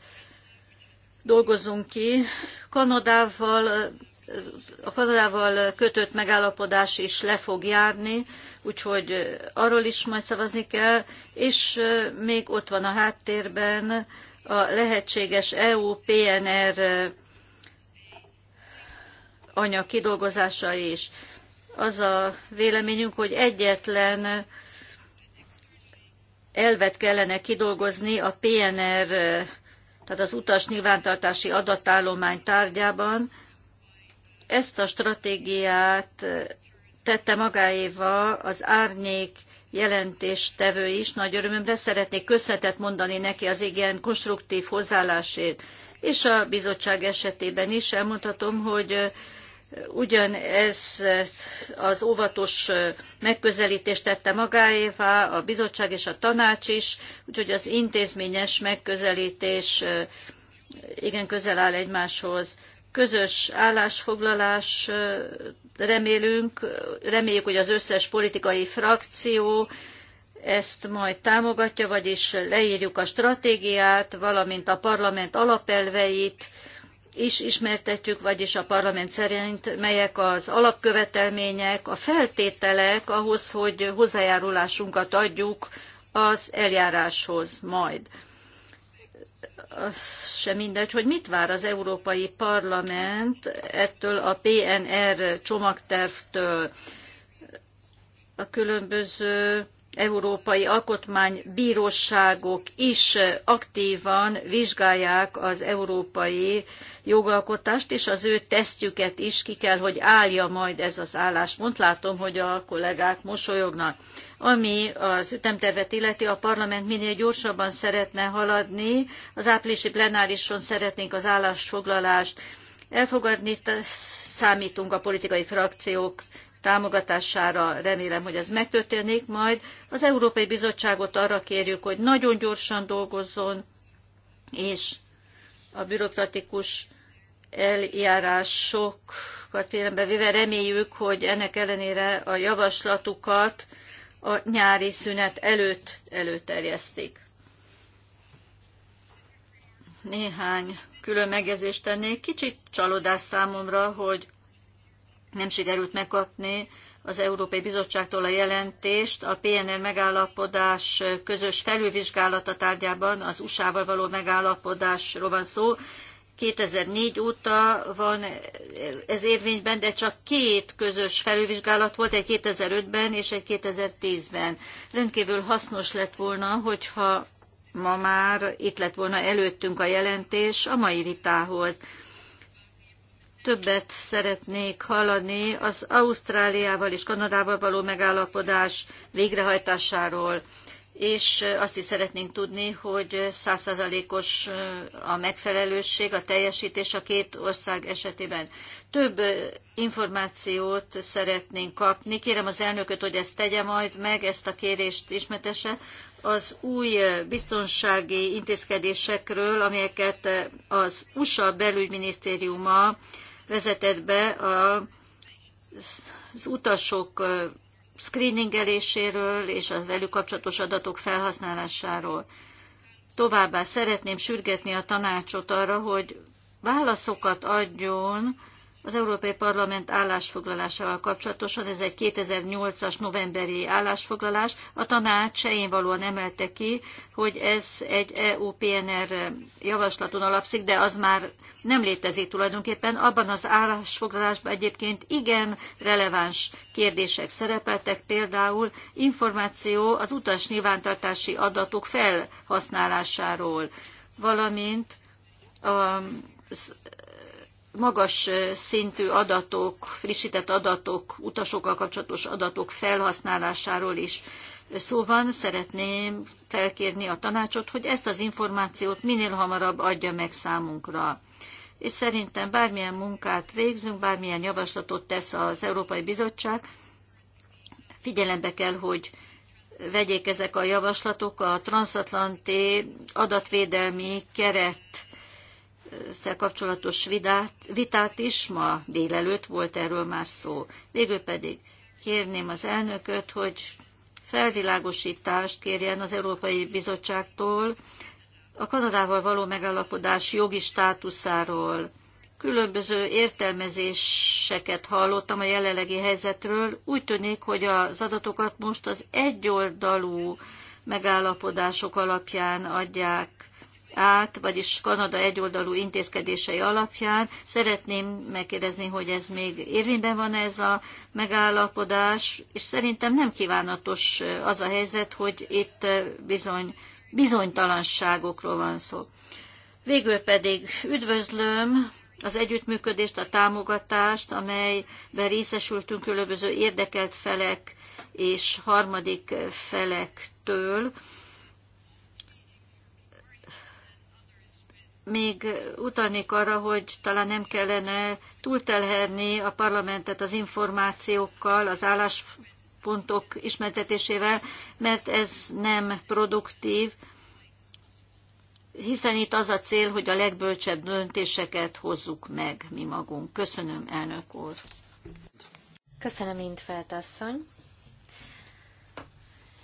dolgozunk ki. Kanadával, a Kanadával kötött megállapodás is le fog járni, úgyhogy arról is majd szavazni kell, és még ott van a háttérben a lehetséges EU-PNR anyag kidolgozása is. Az a véleményünk, hogy egyetlen elvet kellene kidolgozni a PNR, tehát az utas nyilvántartási adatállomány tárgyában, ezt a stratégiát tette magáéva az árnyék jelentéstevő is. Nagy örömömre szeretnék köszönetet mondani neki az igen konstruktív hozzáállásért. És a bizottság esetében is elmondhatom, hogy ugyanez az óvatos megközelítést tette magáévá a bizottság és a tanács is, úgyhogy az intézményes megközelítés igen közel áll egymáshoz közös állásfoglalás remélünk, reméljük, hogy az összes politikai frakció ezt majd támogatja, vagyis leírjuk a stratégiát, valamint a parlament alapelveit is ismertetjük, vagyis a parlament szerint melyek az alapkövetelmények, a feltételek ahhoz, hogy hozzájárulásunkat adjuk az eljáráshoz majd sem mindegy, hogy mit vár az Európai Parlament ettől a PNR csomagtervtől. A különböző európai alkotmánybíróságok is aktívan vizsgálják az európai jogalkotást, és az ő tesztjüket is ki kell, hogy állja majd ez az álláspont. Látom, hogy a kollégák mosolyognak. Ami az ütemtervet illeti, a parlament minél gyorsabban szeretne haladni. Az áprilisi plenárison szeretnénk az állásfoglalást elfogadni, számítunk a politikai frakciók támogatására remélem, hogy ez megtörténik majd. Az Európai Bizottságot arra kérjük, hogy nagyon gyorsan dolgozzon, és a bürokratikus eljárásokat figyelembe véve reméljük, hogy ennek ellenére a javaslatukat a nyári szünet előtt előterjesztik. Néhány külön megjegyzést tennék. Kicsit csalódás számomra, hogy nem sikerült megkapni az Európai Bizottságtól a jelentést a PNR megállapodás közös felülvizsgálata tárgyában az USA-val való megállapodásról van szó. 2004 óta van ez érvényben, de csak két közös felülvizsgálat volt, egy 2005-ben és egy 2010-ben. Rendkívül hasznos lett volna, hogyha ma már itt lett volna előttünk a jelentés a mai vitához többet szeretnék hallani az Ausztráliával és Kanadával való megállapodás végrehajtásáról, és azt is szeretnénk tudni, hogy 100%-os a megfelelőség, a teljesítés a két ország esetében. Több információt szeretnénk kapni. Kérem az elnököt, hogy ezt tegye majd meg, ezt a kérést ismetese, az új biztonsági intézkedésekről, amelyeket az USA belügyminisztériuma vezetett be az utasok screeningeléséről és a velük kapcsolatos adatok felhasználásáról. Továbbá szeretném sürgetni a tanácsot arra, hogy válaszokat adjon az Európai Parlament állásfoglalásával kapcsolatosan, ez egy 2008-as novemberi állásfoglalás, a tanács én valóan emelte ki, hogy ez egy EU-PNR javaslaton alapszik, de az már nem létezik tulajdonképpen. Abban az állásfoglalásban egyébként igen releváns kérdések szerepeltek, például információ az utas nyilvántartási adatok felhasználásáról, valamint a magas szintű adatok, frissített adatok, utasokkal kapcsolatos adatok felhasználásáról is szó van. Szeretném felkérni a tanácsot, hogy ezt az információt minél hamarabb adja meg számunkra. És szerintem bármilyen munkát végzünk, bármilyen javaslatot tesz az Európai Bizottság, figyelembe kell, hogy vegyék ezek a javaslatok a transatlanti adatvédelmi keret kapcsolatos vidát, vitát is, ma délelőtt volt erről már szó. Végül pedig kérném az elnököt, hogy felvilágosítást kérjen az Európai Bizottságtól a Kanadával való megállapodás jogi státuszáról. Különböző értelmezéseket hallottam a jelenlegi helyzetről. Úgy tűnik, hogy az adatokat most az egyoldalú megállapodások alapján adják át, vagyis Kanada egyoldalú intézkedései alapján. Szeretném megkérdezni, hogy ez még érvényben van ez a megállapodás, és szerintem nem kívánatos eh, az a helyzet, hogy itt eh, bizony bizonytalanságokról van szó. Végül pedig üdvözlöm az együttműködést, a támogatást, amelyben részesültünk különböző érdekelt felek és harmadik felektől még utalnék arra, hogy talán nem kellene túltelherni a parlamentet az információkkal, az álláspontok ismertetésével, mert ez nem produktív, hiszen itt az a cél, hogy a legbölcsebb döntéseket hozzuk meg mi magunk. Köszönöm, elnök úr. Köszönöm, Intfelt asszony.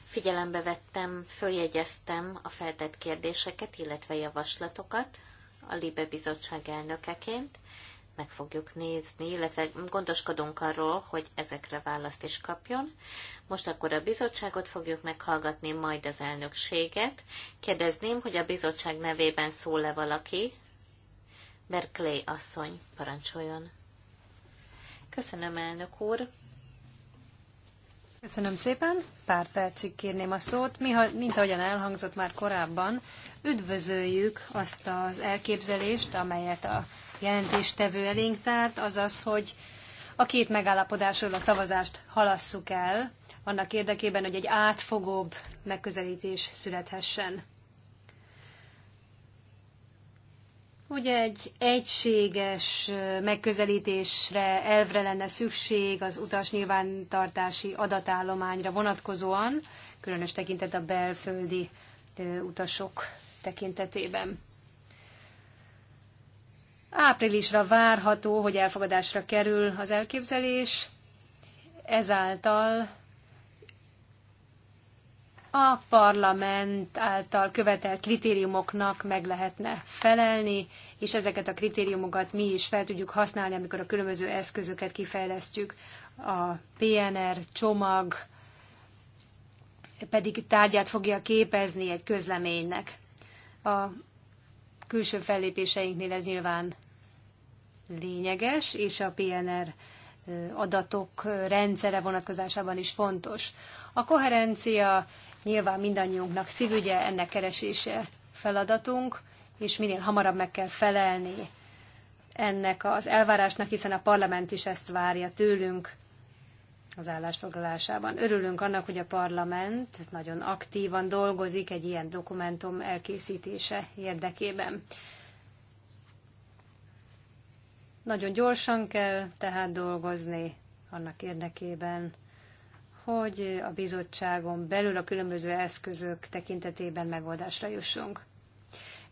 Figyelembe vettem, följegyeztem a feltett kérdéseket, illetve javaslatokat a Libe Bizottság elnökeként. Meg fogjuk nézni, illetve gondoskodunk arról, hogy ezekre választ is kapjon. Most akkor a bizottságot fogjuk meghallgatni, majd az elnökséget. Kérdezném, hogy a bizottság nevében szól-e valaki? Berkeley asszony, parancsoljon. Köszönöm, elnök úr. Köszönöm szépen. Pár percig kérném a szót. Miha, mint ahogyan elhangzott már korábban, Üdvözöljük azt az elképzelést, amelyet a jelentéstevő elénk tárt, azaz, hogy a két megállapodásról a szavazást halasszuk el, annak érdekében, hogy egy átfogóbb megközelítés születhessen. Ugye egy egységes megközelítésre, elvre lenne szükség az utas nyilvántartási adatállományra vonatkozóan, különös tekintet a belföldi utasok tekintetében. Áprilisra várható, hogy elfogadásra kerül az elképzelés, ezáltal a parlament által követelt kritériumoknak meg lehetne felelni, és ezeket a kritériumokat mi is fel tudjuk használni, amikor a különböző eszközöket kifejlesztjük. A PNR csomag pedig tárgyát fogja képezni egy közleménynek. A külső fellépéseinknél ez nyilván lényeges, és a PNR adatok rendszere vonatkozásában is fontos. A koherencia nyilván mindannyiunknak szívügye, ennek keresése feladatunk, és minél hamarabb meg kell felelni ennek az elvárásnak, hiszen a parlament is ezt várja tőlünk, az állásfoglalásában. Örülünk annak, hogy a parlament nagyon aktívan dolgozik egy ilyen dokumentum elkészítése érdekében. Nagyon gyorsan kell tehát dolgozni annak érdekében, hogy a bizottságon belül a különböző eszközök tekintetében megoldásra jussunk.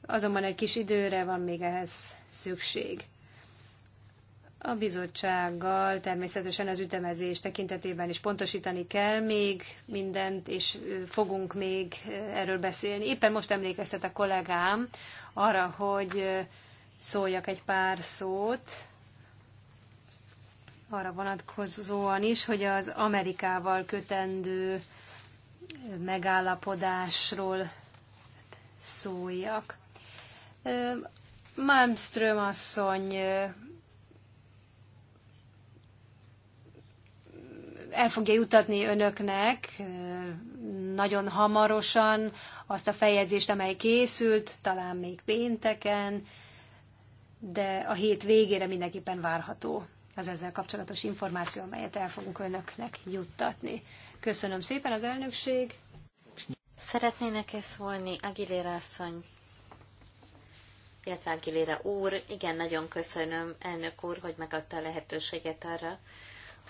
Azonban egy kis időre van még ehhez szükség. A bizottsággal természetesen az ütemezés tekintetében is pontosítani kell még mindent, és fogunk még erről beszélni. Éppen most emlékeztet a kollégám arra, hogy szóljak egy pár szót arra vonatkozóan is, hogy az Amerikával kötendő megállapodásról szóljak. Malmström asszony el fogja jutatni önöknek nagyon hamarosan azt a feljegyzést, amely készült, talán még pénteken, de a hét végére mindenképpen várható az ezzel kapcsolatos információ, amelyet el fogunk önöknek juttatni. Köszönöm szépen az elnökség. Szeretnének-e szólni Agiléra asszony? Illetve Agiléra úr, igen, nagyon köszönöm, elnök úr, hogy megadta a lehetőséget arra,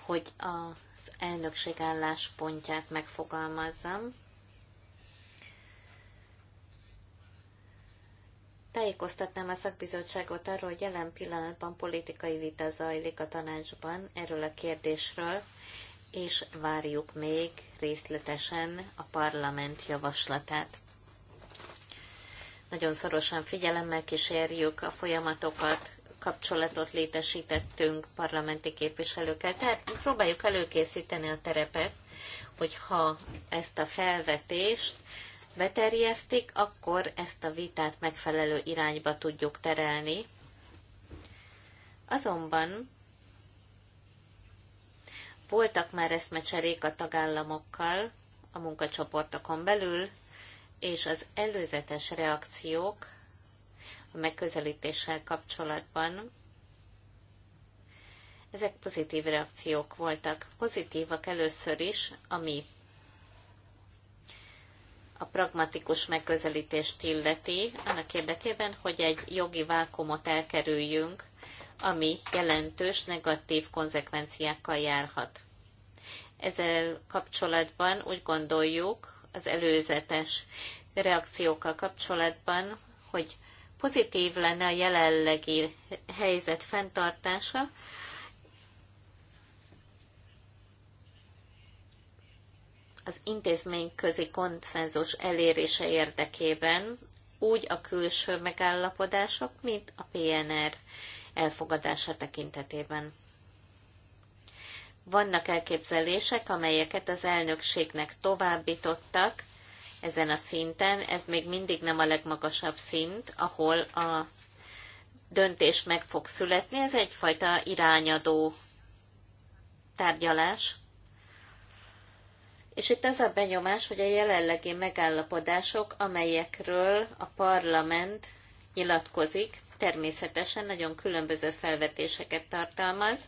hogy a elnökség álláspontját megfogalmazzam. Tájékoztatnám a szakbizottságot arról, hogy jelen pillanatban politikai vita zajlik a tanácsban erről a kérdésről, és várjuk még részletesen a parlament javaslatát. Nagyon szorosan figyelemmel kísérjük a folyamatokat, kapcsolatot létesítettünk parlamenti képviselőkkel. Tehát próbáljuk előkészíteni a terepet, hogyha ezt a felvetést beterjesztik, akkor ezt a vitát megfelelő irányba tudjuk terelni. Azonban voltak már eszmecserék a tagállamokkal a munkacsoportokon belül, és az előzetes reakciók a megközelítéssel kapcsolatban. Ezek pozitív reakciók voltak. Pozitívak először is, ami a pragmatikus megközelítést illeti, annak érdekében, hogy egy jogi vákumot elkerüljünk, ami jelentős negatív konzekvenciákkal járhat. Ezzel kapcsolatban úgy gondoljuk, az előzetes reakciókkal kapcsolatban, hogy pozitív lenne a jelenlegi helyzet fenntartása, az intézményközi konszenzus elérése érdekében úgy a külső megállapodások, mint a PNR elfogadása tekintetében. Vannak elképzelések, amelyeket az elnökségnek továbbítottak, ezen a szinten. Ez még mindig nem a legmagasabb szint, ahol a döntés meg fog születni. Ez egyfajta irányadó tárgyalás. És itt az a benyomás, hogy a jelenlegi megállapodások, amelyekről a parlament nyilatkozik, természetesen nagyon különböző felvetéseket tartalmaz,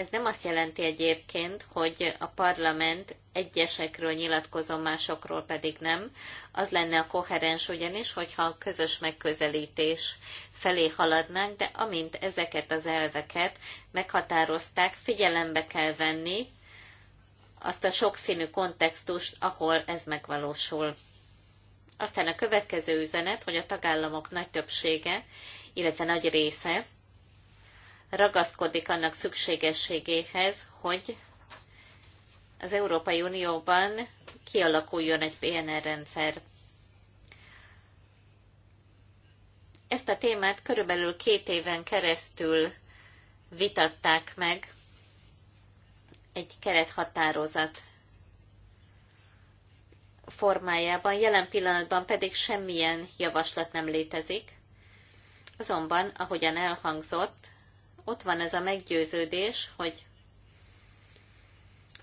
ez nem azt jelenti egyébként, hogy a parlament egyesekről nyilatkozom, másokról pedig nem. Az lenne a koherens ugyanis, hogyha a közös megközelítés felé haladnánk, de amint ezeket az elveket meghatározták, figyelembe kell venni azt a sokszínű kontextust, ahol ez megvalósul. Aztán a következő üzenet, hogy a tagállamok nagy többsége, illetve nagy része ragaszkodik annak szükségességéhez, hogy az Európai Unióban kialakuljon egy PNR rendszer. Ezt a témát körülbelül két éven keresztül vitatták meg egy kerethatározat formájában, jelen pillanatban pedig semmilyen javaslat nem létezik. Azonban, ahogyan elhangzott, ott van ez a meggyőződés, hogy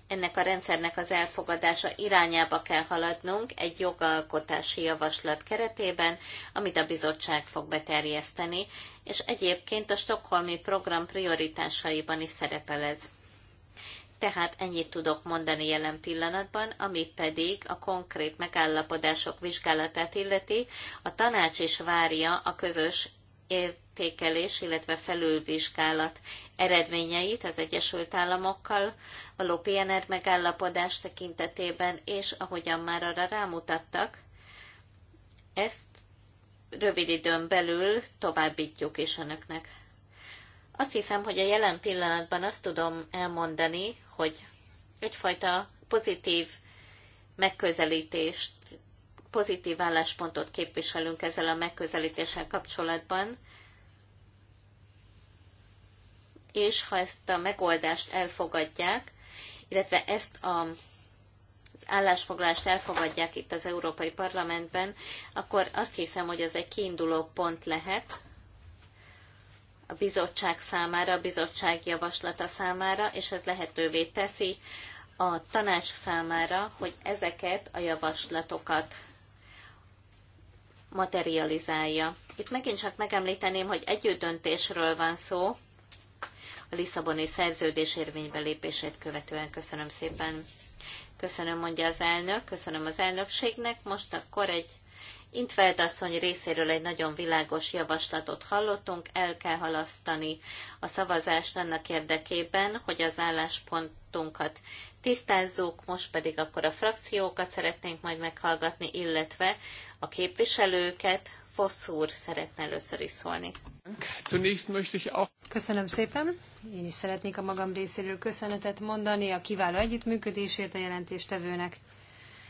ennek a rendszernek az elfogadása irányába kell haladnunk egy jogalkotási javaslat keretében, amit a bizottság fog beterjeszteni, és egyébként a Stockholmi program prioritásaiban is szerepel ez. Tehát ennyit tudok mondani jelen pillanatban, ami pedig a konkrét megállapodások vizsgálatát illeti, a tanács is várja a közös értékelés, illetve felülvizsgálat eredményeit az Egyesült Államokkal, a PNR megállapodás tekintetében, és ahogyan már arra rámutattak, ezt rövid időn belül továbbítjuk is önöknek. Azt hiszem, hogy a jelen pillanatban azt tudom elmondani, hogy egyfajta pozitív megközelítést pozitív álláspontot képviselünk ezzel a megközelítéssel kapcsolatban, és ha ezt a megoldást elfogadják, illetve ezt a az állásfoglalást elfogadják itt az Európai Parlamentben, akkor azt hiszem, hogy ez egy kiinduló pont lehet a bizottság számára, a bizottság javaslata számára, és ez lehetővé teszi a tanács számára, hogy ezeket a javaslatokat materializálja. Itt megint csak megemlíteném, hogy együttdöntésről van szó a Lisszaboni szerződés érvénybe lépését követően. Köszönöm szépen. Köszönöm, mondja az elnök, köszönöm az elnökségnek. Most akkor egy Intveld asszony részéről egy nagyon világos javaslatot hallottunk, el kell halasztani a szavazást annak érdekében, hogy az álláspontunkat tisztázzuk, most pedig akkor a frakciókat szeretnénk majd meghallgatni, illetve a képviselőket. Fossz úr szeretne először is szólni. Köszönöm szépen. Én is szeretnék a magam részéről köszönetet mondani a kiváló együttműködésért a jelentéstevőnek.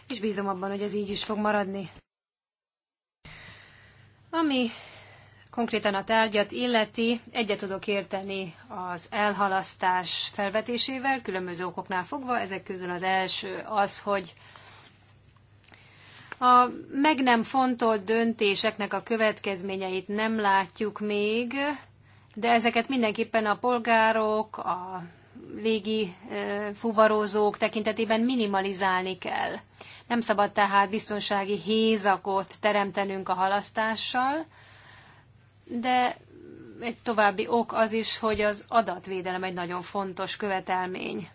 És bízom abban, hogy ez így is fog maradni. Ami konkrétan a tárgyat illeti, egyet tudok érteni az elhalasztás felvetésével, különböző okoknál fogva. Ezek közül az első az, hogy a meg nem fontolt döntéseknek a következményeit nem látjuk még, de ezeket mindenképpen a polgárok, a légi fuvarozók tekintetében minimalizálni kell. Nem szabad tehát biztonsági hézakot teremtenünk a halasztással, de egy további ok az is, hogy az adatvédelem egy nagyon fontos követelmény.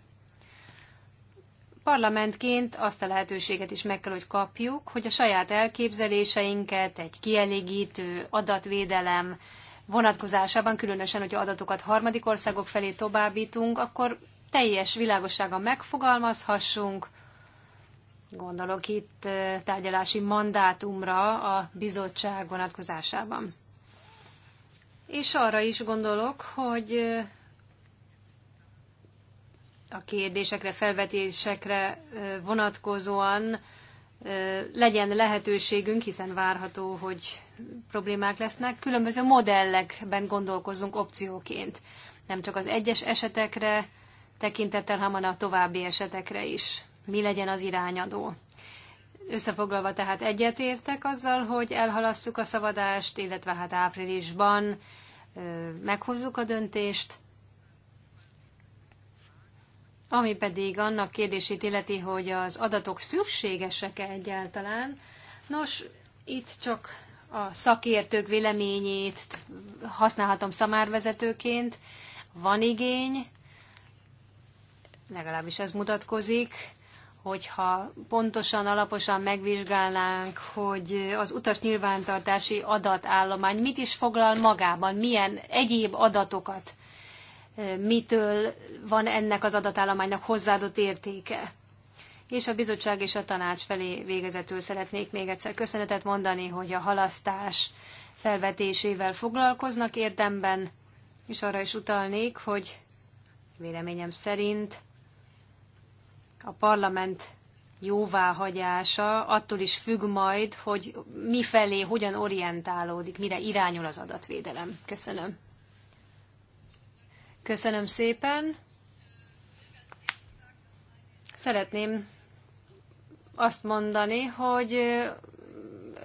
Parlamentként azt a lehetőséget is meg kell, hogy kapjuk, hogy a saját elképzeléseinket egy kielégítő adatvédelem vonatkozásában, különösen, hogy adatokat harmadik országok felé továbbítunk, akkor teljes világossága megfogalmazhassunk, gondolok itt eh, tárgyalási mandátumra a bizottság vonatkozásában és arra is gondolok, hogy a kérdésekre, felvetésekre vonatkozóan legyen lehetőségünk, hiszen várható, hogy problémák lesznek, különböző modellekben gondolkozzunk opcióként. Nem csak az egyes esetekre tekintettel, hanem a további esetekre is. Mi legyen az irányadó? Összefoglalva tehát egyetértek azzal, hogy elhalasszuk a szavadást, illetve hát áprilisban meghozzuk a döntést, ami pedig annak kérdését illeti, hogy az adatok szükségesek-e egyáltalán. Nos, itt csak a szakértők véleményét használhatom szamárvezetőként. Van igény, legalábbis ez mutatkozik, hogyha pontosan, alaposan megvizsgálnánk, hogy az utas nyilvántartási adatállomány mit is foglal magában, milyen egyéb adatokat, eh, mitől van ennek az adatállománynak hozzáadott értéke. És a bizottság és a tanács felé végezetül szeretnék még egyszer köszönetet mondani, hogy a halasztás felvetésével foglalkoznak érdemben, és arra is utalnék, hogy véleményem szerint a parlament jóváhagyása attól is függ majd, hogy mifelé hogyan orientálódik, mire irányul az adatvédelem. Köszönöm. Köszönöm szépen. Szeretném azt mondani, hogy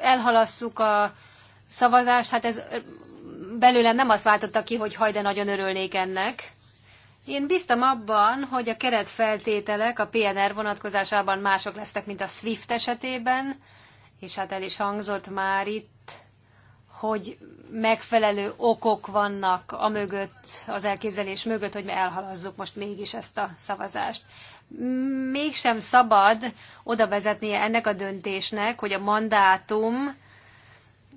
elhalasszuk a szavazást, hát ez belőle nem azt váltotta ki, hogy hajde nagyon örülnék ennek, én bíztam abban, hogy a keretfeltételek a PNR vonatkozásában mások lesznek, mint a SWIFT esetében, és hát el is hangzott már itt, hogy megfelelő okok vannak a mögött, az elképzelés mögött, hogy mi elhalazzuk most mégis ezt a szavazást. Mégsem szabad oda vezetnie ennek a döntésnek, hogy a mandátum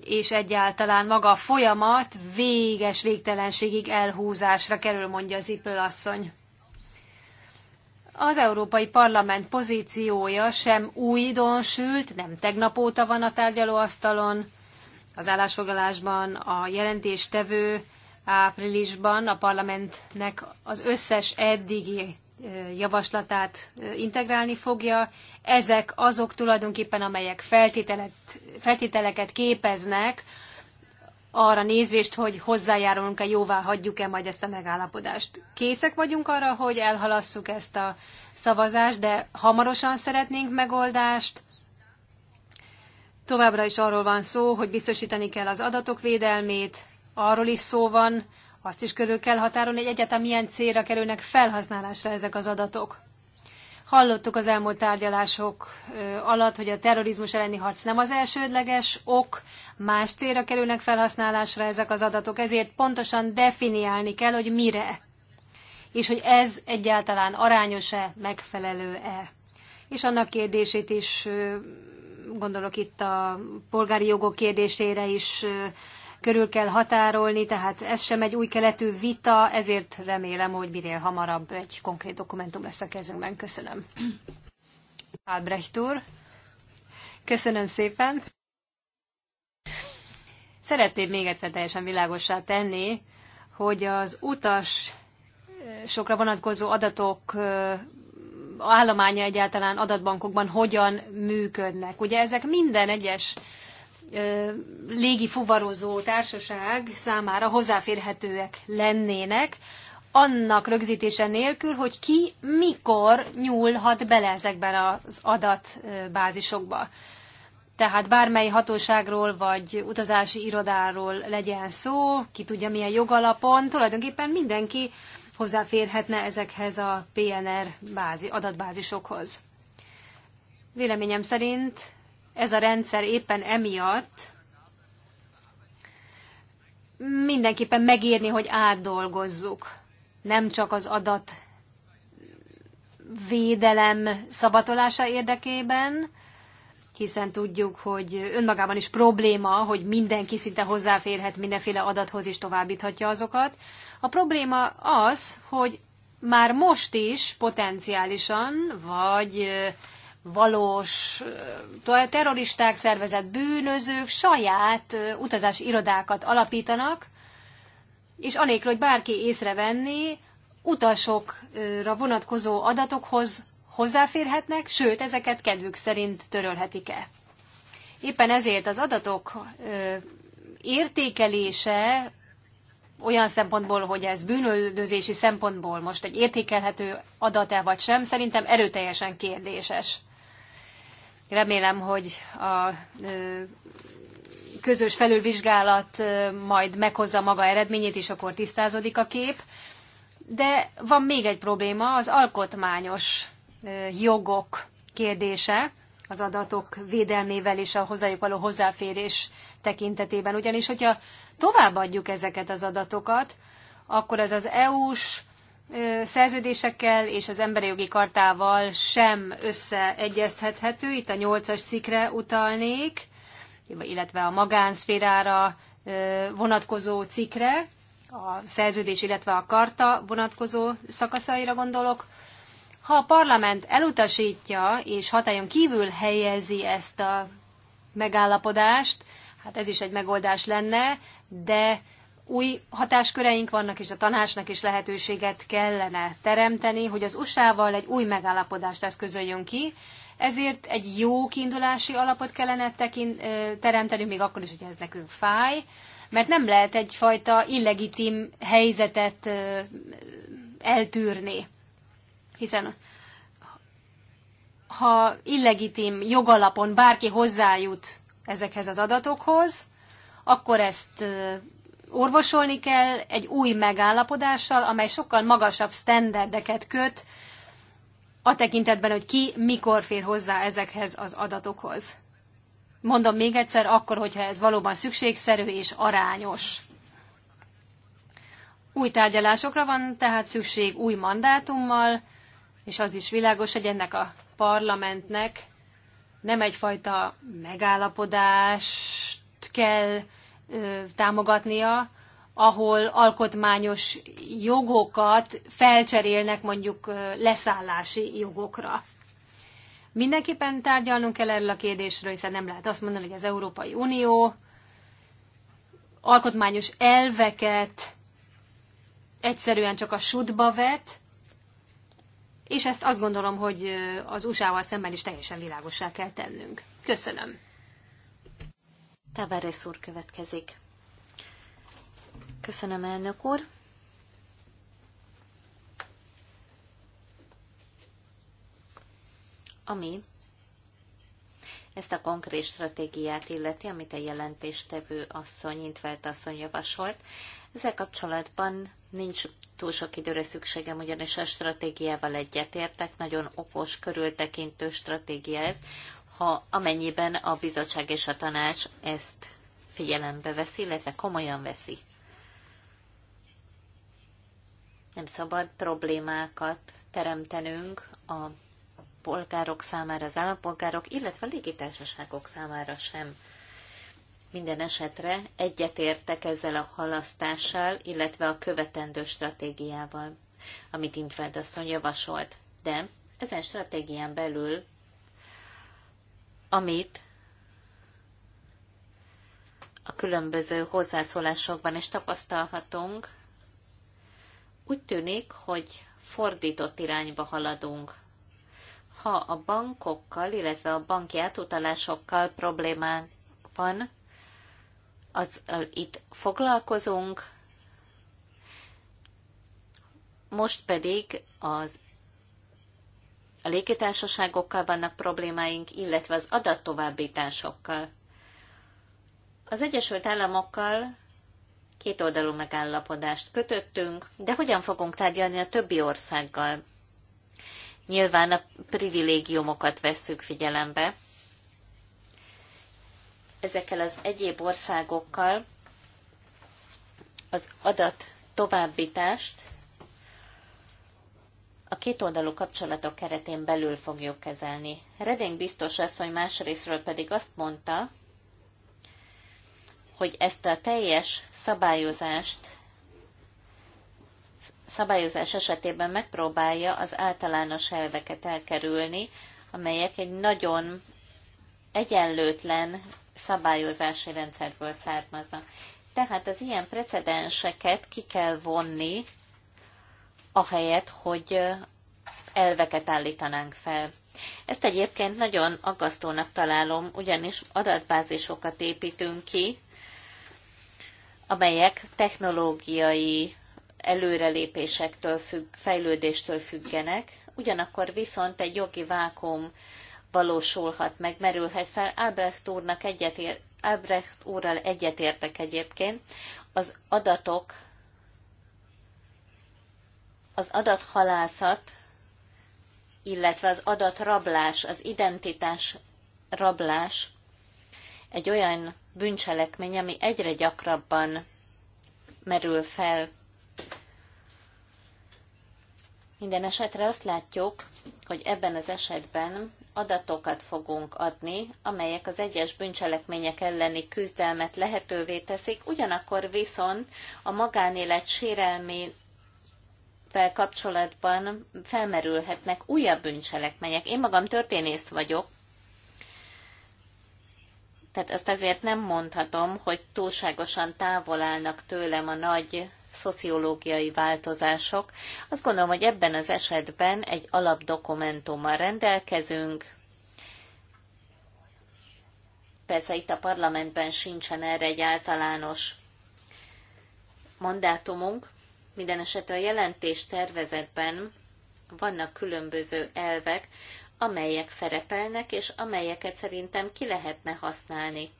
és egyáltalán maga a folyamat véges végtelenségig elhúzásra kerül, mondja Zipöl asszony. Az Európai Parlament pozíciója sem újdonsült, nem tegnap óta van a tárgyalóasztalon. Az állásfoglalásban a jelentéstevő áprilisban a parlamentnek az összes eddigi javaslatát integrálni fogja. Ezek azok tulajdonképpen, amelyek feltételeket képeznek, arra nézvést, hogy hozzájárulunk-e, jóvá hagyjuk-e majd ezt a megállapodást. Készek vagyunk arra, hogy elhalasszuk ezt a szavazást, de hamarosan szeretnénk megoldást. Továbbra is arról van szó, hogy biztosítani kell az adatok védelmét, arról is szó van, azt is körül kell határolni, hogy egyáltalán milyen célra kerülnek felhasználásra ezek az adatok. Hallottuk az elmúlt tárgyalások alatt, hogy a terrorizmus elleni harc nem az elsődleges ok, más célra kerülnek felhasználásra ezek az adatok, ezért pontosan definiálni kell, hogy mire, és hogy ez egyáltalán arányos-e, megfelelő-e. És annak kérdését is, gondolok itt a polgári jogok kérdésére is körül kell határolni, tehát ez sem egy új keletű vita, ezért remélem, hogy minél hamarabb egy konkrét dokumentum lesz a kezünkben. Köszönöm. Albrecht úr, köszönöm szépen. Szeretném még egyszer teljesen világossá tenni, hogy az utas sokra vonatkozó adatok állománya egyáltalán adatbankokban hogyan működnek. Ugye ezek minden egyes légi fuvarozó társaság számára hozzáférhetőek lennének, annak rögzítése nélkül, hogy ki mikor nyúlhat bele ezekben az adatbázisokba. Tehát bármely hatóságról vagy utazási irodáról legyen szó, ki tudja milyen jogalapon, tulajdonképpen mindenki hozzáférhetne ezekhez a PNR bázi, adatbázisokhoz. Véleményem szerint ez a rendszer éppen emiatt mindenképpen megírni, hogy átdolgozzuk. Nem csak az adat védelem szabatolása érdekében, hiszen tudjuk, hogy önmagában is probléma, hogy mindenki szinte hozzáférhet mindenféle adathoz és továbbíthatja azokat. A probléma az, hogy már most is potenciálisan, vagy valós terroristák, szervezett bűnözők saját utazási irodákat alapítanak, és anélkül, hogy bárki észrevenné, utasokra vonatkozó adatokhoz hozzáférhetnek, sőt, ezeket kedvük szerint törölhetik-e. Éppen ezért az adatok értékelése olyan szempontból, hogy ez bűnöldözési szempontból most egy értékelhető adat-e vagy sem, szerintem erőteljesen kérdéses. Remélem, hogy a közös felülvizsgálat majd meghozza maga eredményét, és akkor tisztázódik a kép. De van még egy probléma, az alkotmányos jogok kérdése, az adatok védelmével és a hozzájuk való hozzáférés tekintetében. Ugyanis, hogyha továbbadjuk ezeket az adatokat, akkor ez az EU-s szerződésekkel és az emberi jogi kartával sem összeegyeztethető. Itt a nyolcas cikre utalnék, illetve a magánszférára vonatkozó cikre, a szerződés, illetve a karta vonatkozó szakaszaira gondolok. Ha a parlament elutasítja és hatályon kívül helyezi ezt a megállapodást, hát ez is egy megoldás lenne, de új hatásköreink vannak, és a tanácsnak is lehetőséget kellene teremteni, hogy az USA-val egy új megállapodást eszközöljön ki, ezért egy jó kiindulási alapot kellene tekint, teremteni, még akkor is, hogy ez nekünk fáj, mert nem lehet egyfajta illegitim helyzetet eltűrni. Hiszen ha illegitim jogalapon bárki hozzájut ezekhez az adatokhoz, akkor ezt orvosolni kell egy új megállapodással, amely sokkal magasabb sztenderdeket köt a tekintetben, hogy ki mikor fér hozzá ezekhez az adatokhoz. Mondom még egyszer, akkor, hogyha ez valóban szükségszerű és arányos. Új tárgyalásokra van tehát szükség új mandátummal, és az is világos, hogy ennek a parlamentnek nem egyfajta megállapodást kell támogatnia, ahol alkotmányos jogokat felcserélnek mondjuk leszállási jogokra. Mindenképpen tárgyalnunk kell erről a kérdésről, hiszen nem lehet azt mondani, hogy az Európai Unió alkotmányos elveket egyszerűen csak a sudba vet, és ezt azt gondolom, hogy az USA-val szemben is teljesen világossá kell tennünk. Köszönöm. Tavares úr következik. Köszönöm, elnök úr. Ami ezt a konkrét stratégiát illeti, amit a jelentéstevő asszony, Intvelt asszony javasolt, ezzel kapcsolatban nincs túl sok időre szükségem, ugyanis a stratégiával egyetértek, nagyon okos, körültekintő stratégia ez, ha amennyiben a bizottság és a tanács ezt figyelembe veszi, illetve komolyan veszi. Nem szabad problémákat teremtenünk a polgárok számára, az állampolgárok, illetve a légitársaságok számára sem. Minden esetre egyetértek ezzel a halasztással, illetve a követendő stratégiával, amit Intveld asszony javasolt. De ezen stratégián belül amit a különböző hozzászólásokban is tapasztalhatunk, úgy tűnik, hogy fordított irányba haladunk. Ha a bankokkal, illetve a banki átutalásokkal problémák van, az itt foglalkozunk, most pedig az a légitársaságokkal vannak problémáink, illetve az adattovábbításokkal. Az Egyesült Államokkal kétoldalú megállapodást kötöttünk, de hogyan fogunk tárgyalni a többi országgal? Nyilván a privilégiumokat vesszük figyelembe. Ezekkel az egyéb országokkal az adat továbbítást a kétoldalú kapcsolatok keretén belül fogjuk kezelni. Reding biztos asszony másrésztről pedig azt mondta, hogy ezt a teljes szabályozást szabályozás esetében megpróbálja az általános elveket elkerülni, amelyek egy nagyon egyenlőtlen szabályozási rendszerből származnak. Tehát az ilyen precedenseket ki kell vonni ahelyett, hogy elveket állítanánk fel. Ezt egyébként nagyon aggasztónak találom, ugyanis adatbázisokat építünk ki, amelyek technológiai előrelépésektől, függ, fejlődéstől függenek, ugyanakkor viszont egy jogi vákum valósulhat meg, merülhet fel. Albrecht, úrnak egyetér, Albrecht úrral egyetértek egyébként, az adatok az adathalászat, illetve az adatrablás, az identitás rablás egy olyan bűncselekmény, ami egyre gyakrabban merül fel. Minden esetre azt látjuk, hogy ebben az esetben adatokat fogunk adni, amelyek az egyes bűncselekmények elleni küzdelmet lehetővé teszik, ugyanakkor viszont a magánélet sérelmé, fel kapcsolatban felmerülhetnek újabb bűncselekmények. Én magam történész vagyok, tehát ezt azért nem mondhatom, hogy túlságosan távol állnak tőlem a nagy szociológiai változások. Azt gondolom, hogy ebben az esetben egy alapdokumentummal rendelkezünk. Persze itt a parlamentben sincsen erre egy általános mandátumunk, minden esetre a jelentés tervezetben vannak különböző elvek, amelyek szerepelnek, és amelyeket szerintem ki lehetne használni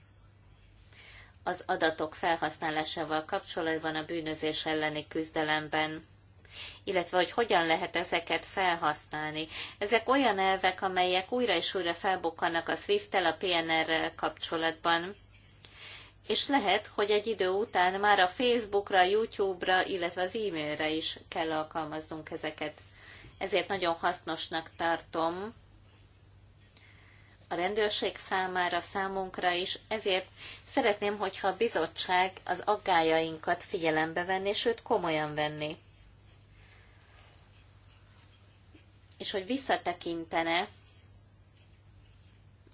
az adatok felhasználásával kapcsolatban a bűnözés elleni küzdelemben illetve hogy hogyan lehet ezeket felhasználni. Ezek olyan elvek, amelyek újra és újra felbukkannak a SWIFT-tel, a PNR-rel kapcsolatban, és lehet, hogy egy idő után már a Facebookra, YouTube-ra, illetve az e-mailre is kell alkalmaznunk ezeket. Ezért nagyon hasznosnak tartom a rendőrség számára, számunkra is, ezért szeretném, hogyha a bizottság az aggájainkat figyelembe venné, sőt komolyan venni. És hogy visszatekintene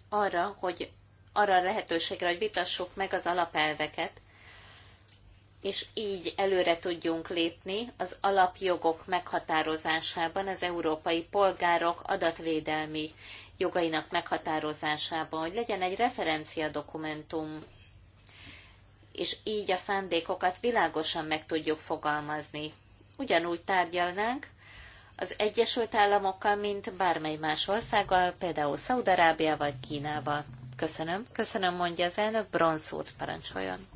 arra, hogy arra a lehetőségre, hogy vitassuk meg az alapelveket, és így előre tudjunk lépni az alapjogok meghatározásában, az európai polgárok adatvédelmi jogainak meghatározásában, hogy legyen egy referencia dokumentum, és így a szándékokat világosan meg tudjuk fogalmazni. Ugyanúgy tárgyalnánk az Egyesült Államokkal, mint bármely más országgal, például vagy Kínával. Köszönöm. Köszönöm, mondja az elnök. Bronzót parancsoljon.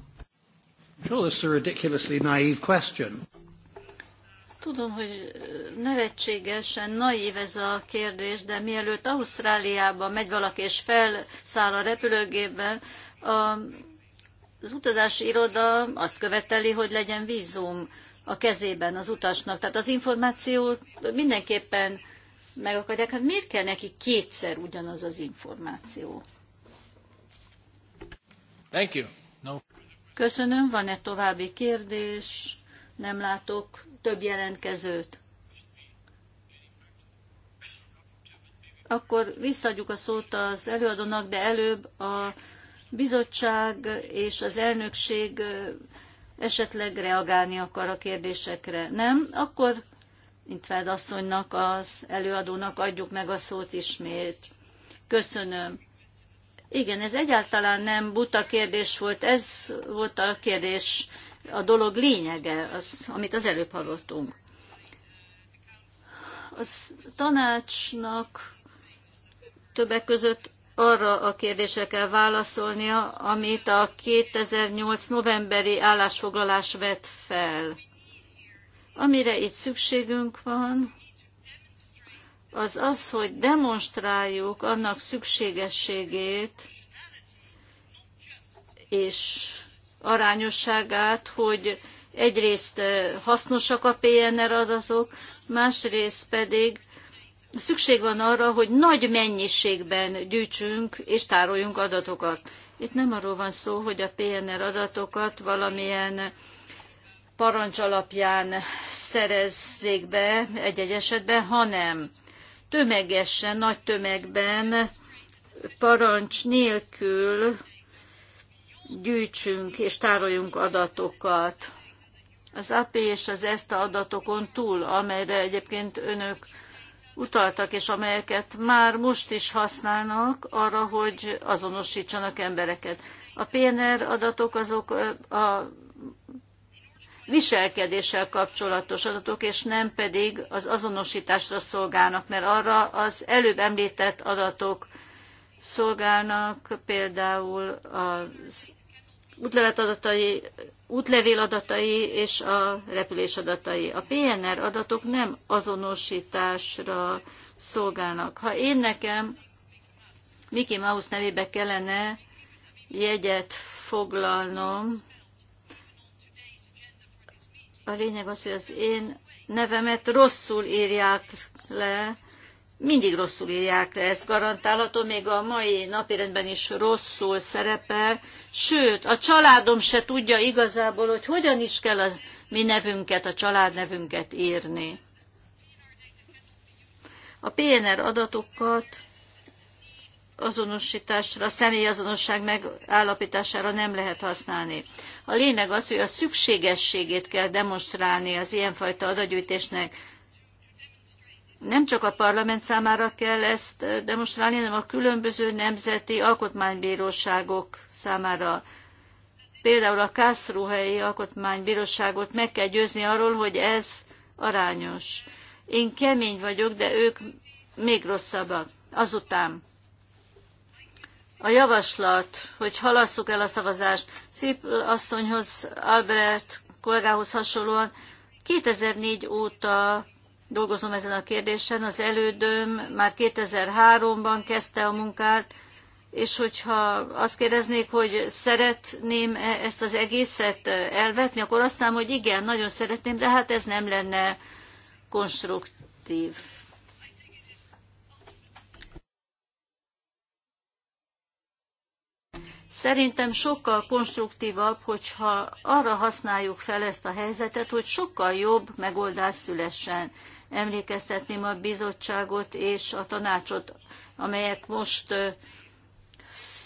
Sure, this is a ridiculously naive question. Tudom, hogy nevetségesen naív ez a kérdés, de mielőtt Ausztráliába megy valaki és felszáll a repülőgépbe, a az utazási iroda azt követeli, hogy legyen vízum a kezében az utasnak. Tehát az információt mindenképpen meg akarják. Hát miért kell neki kétszer ugyanaz az információ? Thank you. No. Köszönöm, van-e további kérdés? Nem látok több jelentkezőt. Akkor visszaadjuk a szót az előadónak, de előbb a bizottság és az elnökség esetleg reagálni akar a kérdésekre. Nem? Akkor Intveld asszonynak, az előadónak adjuk meg a szót ismét. Köszönöm. Igen, ez egyáltalán nem buta kérdés volt, ez volt a kérdés, a dolog lényege, az, amit az előbb hallottunk. A tanácsnak többek között arra a kérdésre kell válaszolnia, amit a 2008. novemberi állásfoglalás vett fel. Amire itt szükségünk van, az az, hogy demonstráljuk annak szükségességét és arányosságát, hogy egyrészt hasznosak a PNR adatok, másrészt pedig szükség van arra, hogy nagy mennyiségben gyűjtsünk és tároljunk adatokat. Itt nem arról van szó, hogy a PNR adatokat valamilyen parancs alapján szerezzék be egy-egy esetben, hanem tömegesen, nagy tömegben, parancs nélkül gyűjtsünk és tároljunk adatokat. Az AP és az ESTA adatokon túl, amelyre egyébként önök utaltak, és amelyeket már most is használnak arra, hogy azonosítsanak embereket. A PNR adatok azok a viselkedéssel kapcsolatos adatok, és nem pedig az azonosításra szolgálnak, mert arra az előbb említett adatok szolgálnak, például az útlevet adatai, útlevél adatai és a repülés adatai. A PNR adatok nem azonosításra szolgálnak. Ha én nekem Mickey Mouse nevébe kellene jegyet foglalnom, a lényeg az, hogy az én nevemet rosszul írják le, mindig rosszul írják le, ezt garantálható, még a mai napirendben is rosszul szerepel, sőt, a családom se tudja igazából, hogy hogyan is kell az mi nevünket, a családnevünket írni. A PNR adatokat azonosításra, személyazonosság megállapítására nem lehet használni. A lényeg az, hogy a szükségességét kell demonstrálni az ilyenfajta adagyűjtésnek. Nem csak a parlament számára kell ezt demonstrálni, hanem a különböző nemzeti alkotmánybíróságok számára. Például a Kászruhelyi Alkotmánybíróságot meg kell győzni arról, hogy ez arányos. Én kemény vagyok, de ők még rosszabbak. Azután a javaslat, hogy halasszuk el a szavazást, Szép asszonyhoz, Albert kollégához hasonlóan 2004 óta dolgozom ezen a kérdésen, az elődöm már 2003-ban kezdte a munkát, és hogyha azt kérdeznék, hogy szeretném ezt az egészet elvetni, akkor azt mondom, hogy igen, nagyon szeretném, de hát ez nem lenne konstruktív. Szerintem sokkal konstruktívabb, hogyha arra használjuk fel ezt a helyzetet, hogy sokkal jobb megoldás szülessen. Emlékeztetném a bizottságot és a tanácsot, amelyek most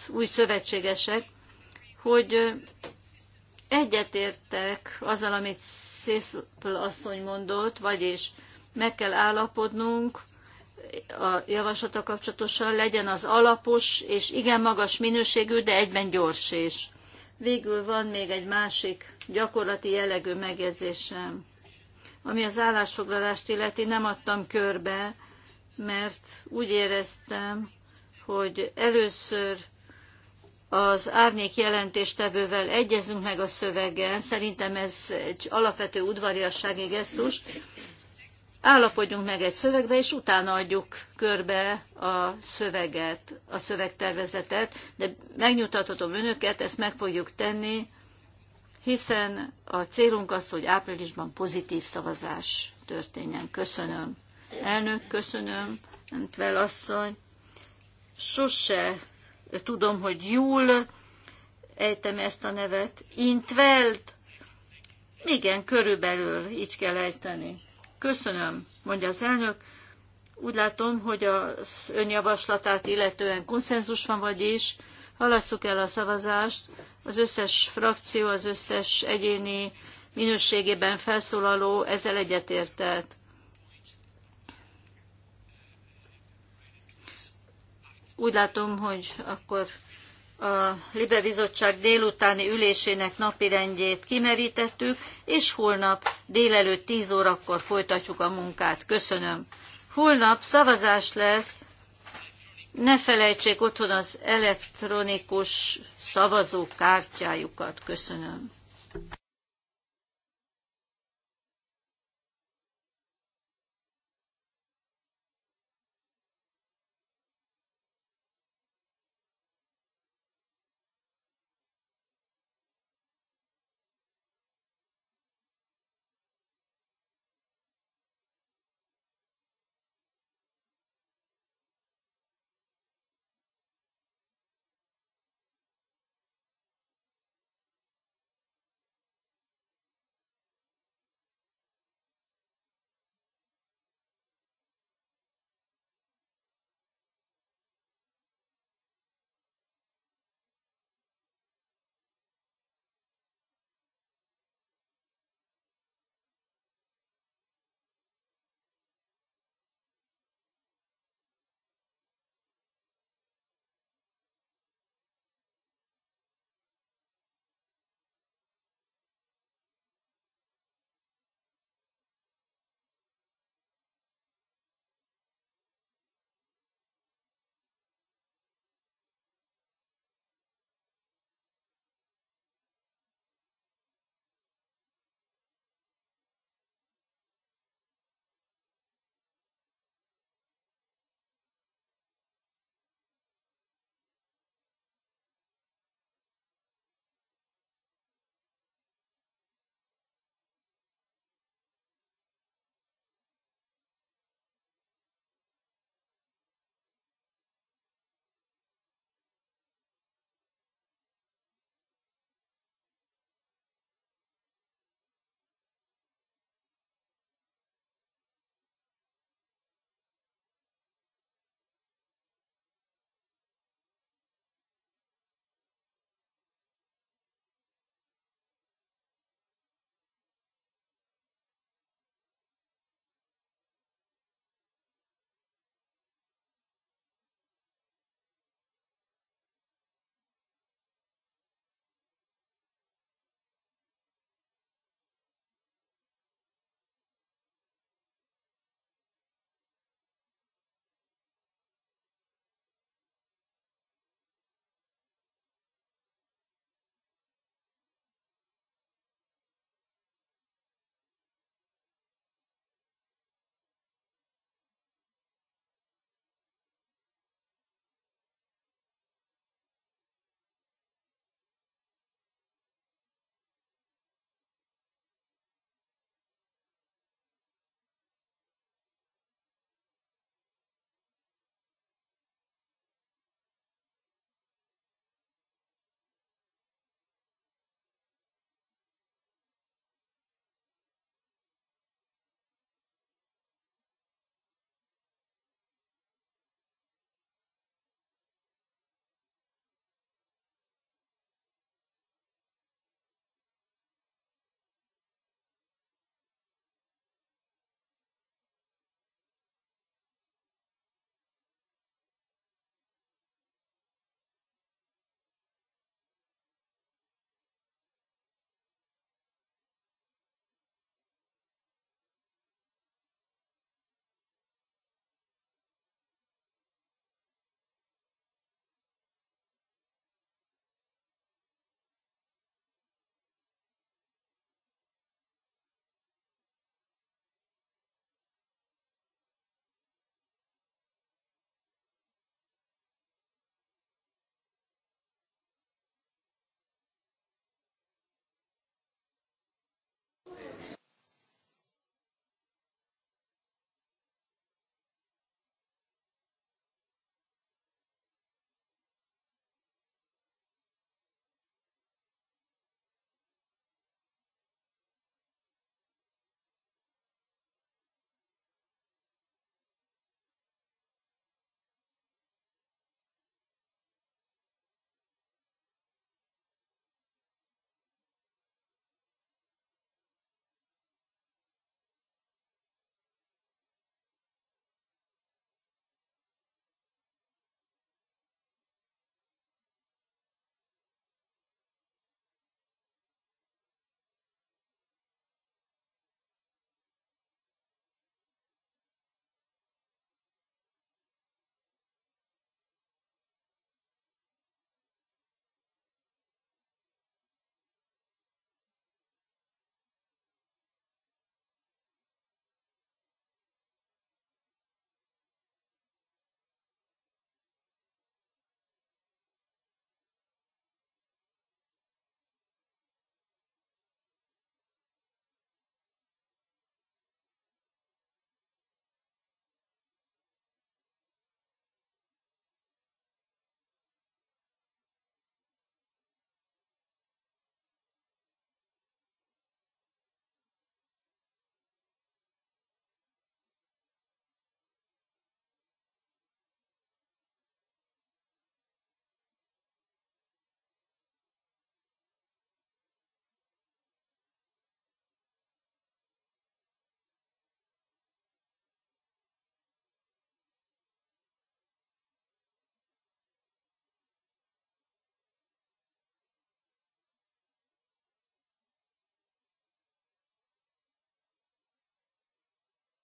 új szövetségesek, hogy egyetértek azzal, amit Szészl asszony mondott, vagyis meg kell állapodnunk, a javaslata kapcsolatosan legyen az alapos és igen magas minőségű, de egyben gyors is. Végül van még egy másik gyakorlati jellegű megjegyzésem. Ami az állásfoglalást illeti, nem adtam körbe, mert úgy éreztem, hogy először az árnyék jelentéstevővel egyezünk meg a szövegen, szerintem ez egy alapvető udvariassági gesztus, állapodjunk meg egy szövegbe, és utána adjuk körbe a szöveget, a szövegtervezetet, de megnyugtathatom önöket, ezt meg fogjuk tenni, hiszen a célunk az, hogy áprilisban pozitív szavazás történjen. Köszönöm. Elnök, köszönöm. Entvel asszony. Sose tudom, hogy jól ejtem ezt a nevet. Intveld. Igen, körülbelül így kell ejteni. Köszönöm, mondja az elnök. Úgy látom, hogy az önjavaslatát illetően konszenzus van, vagyis halasszuk el a szavazást. Az összes frakció, az összes egyéni minőségében felszólaló ezzel egyetértett. Úgy látom, hogy akkor a Libe Bizottság délutáni ülésének napirendjét kimerítettük, és holnap délelőtt 10 órakor folytatjuk a munkát. Köszönöm. Holnap szavazás lesz, ne felejtsék otthon az elektronikus szavazókártyájukat. Köszönöm.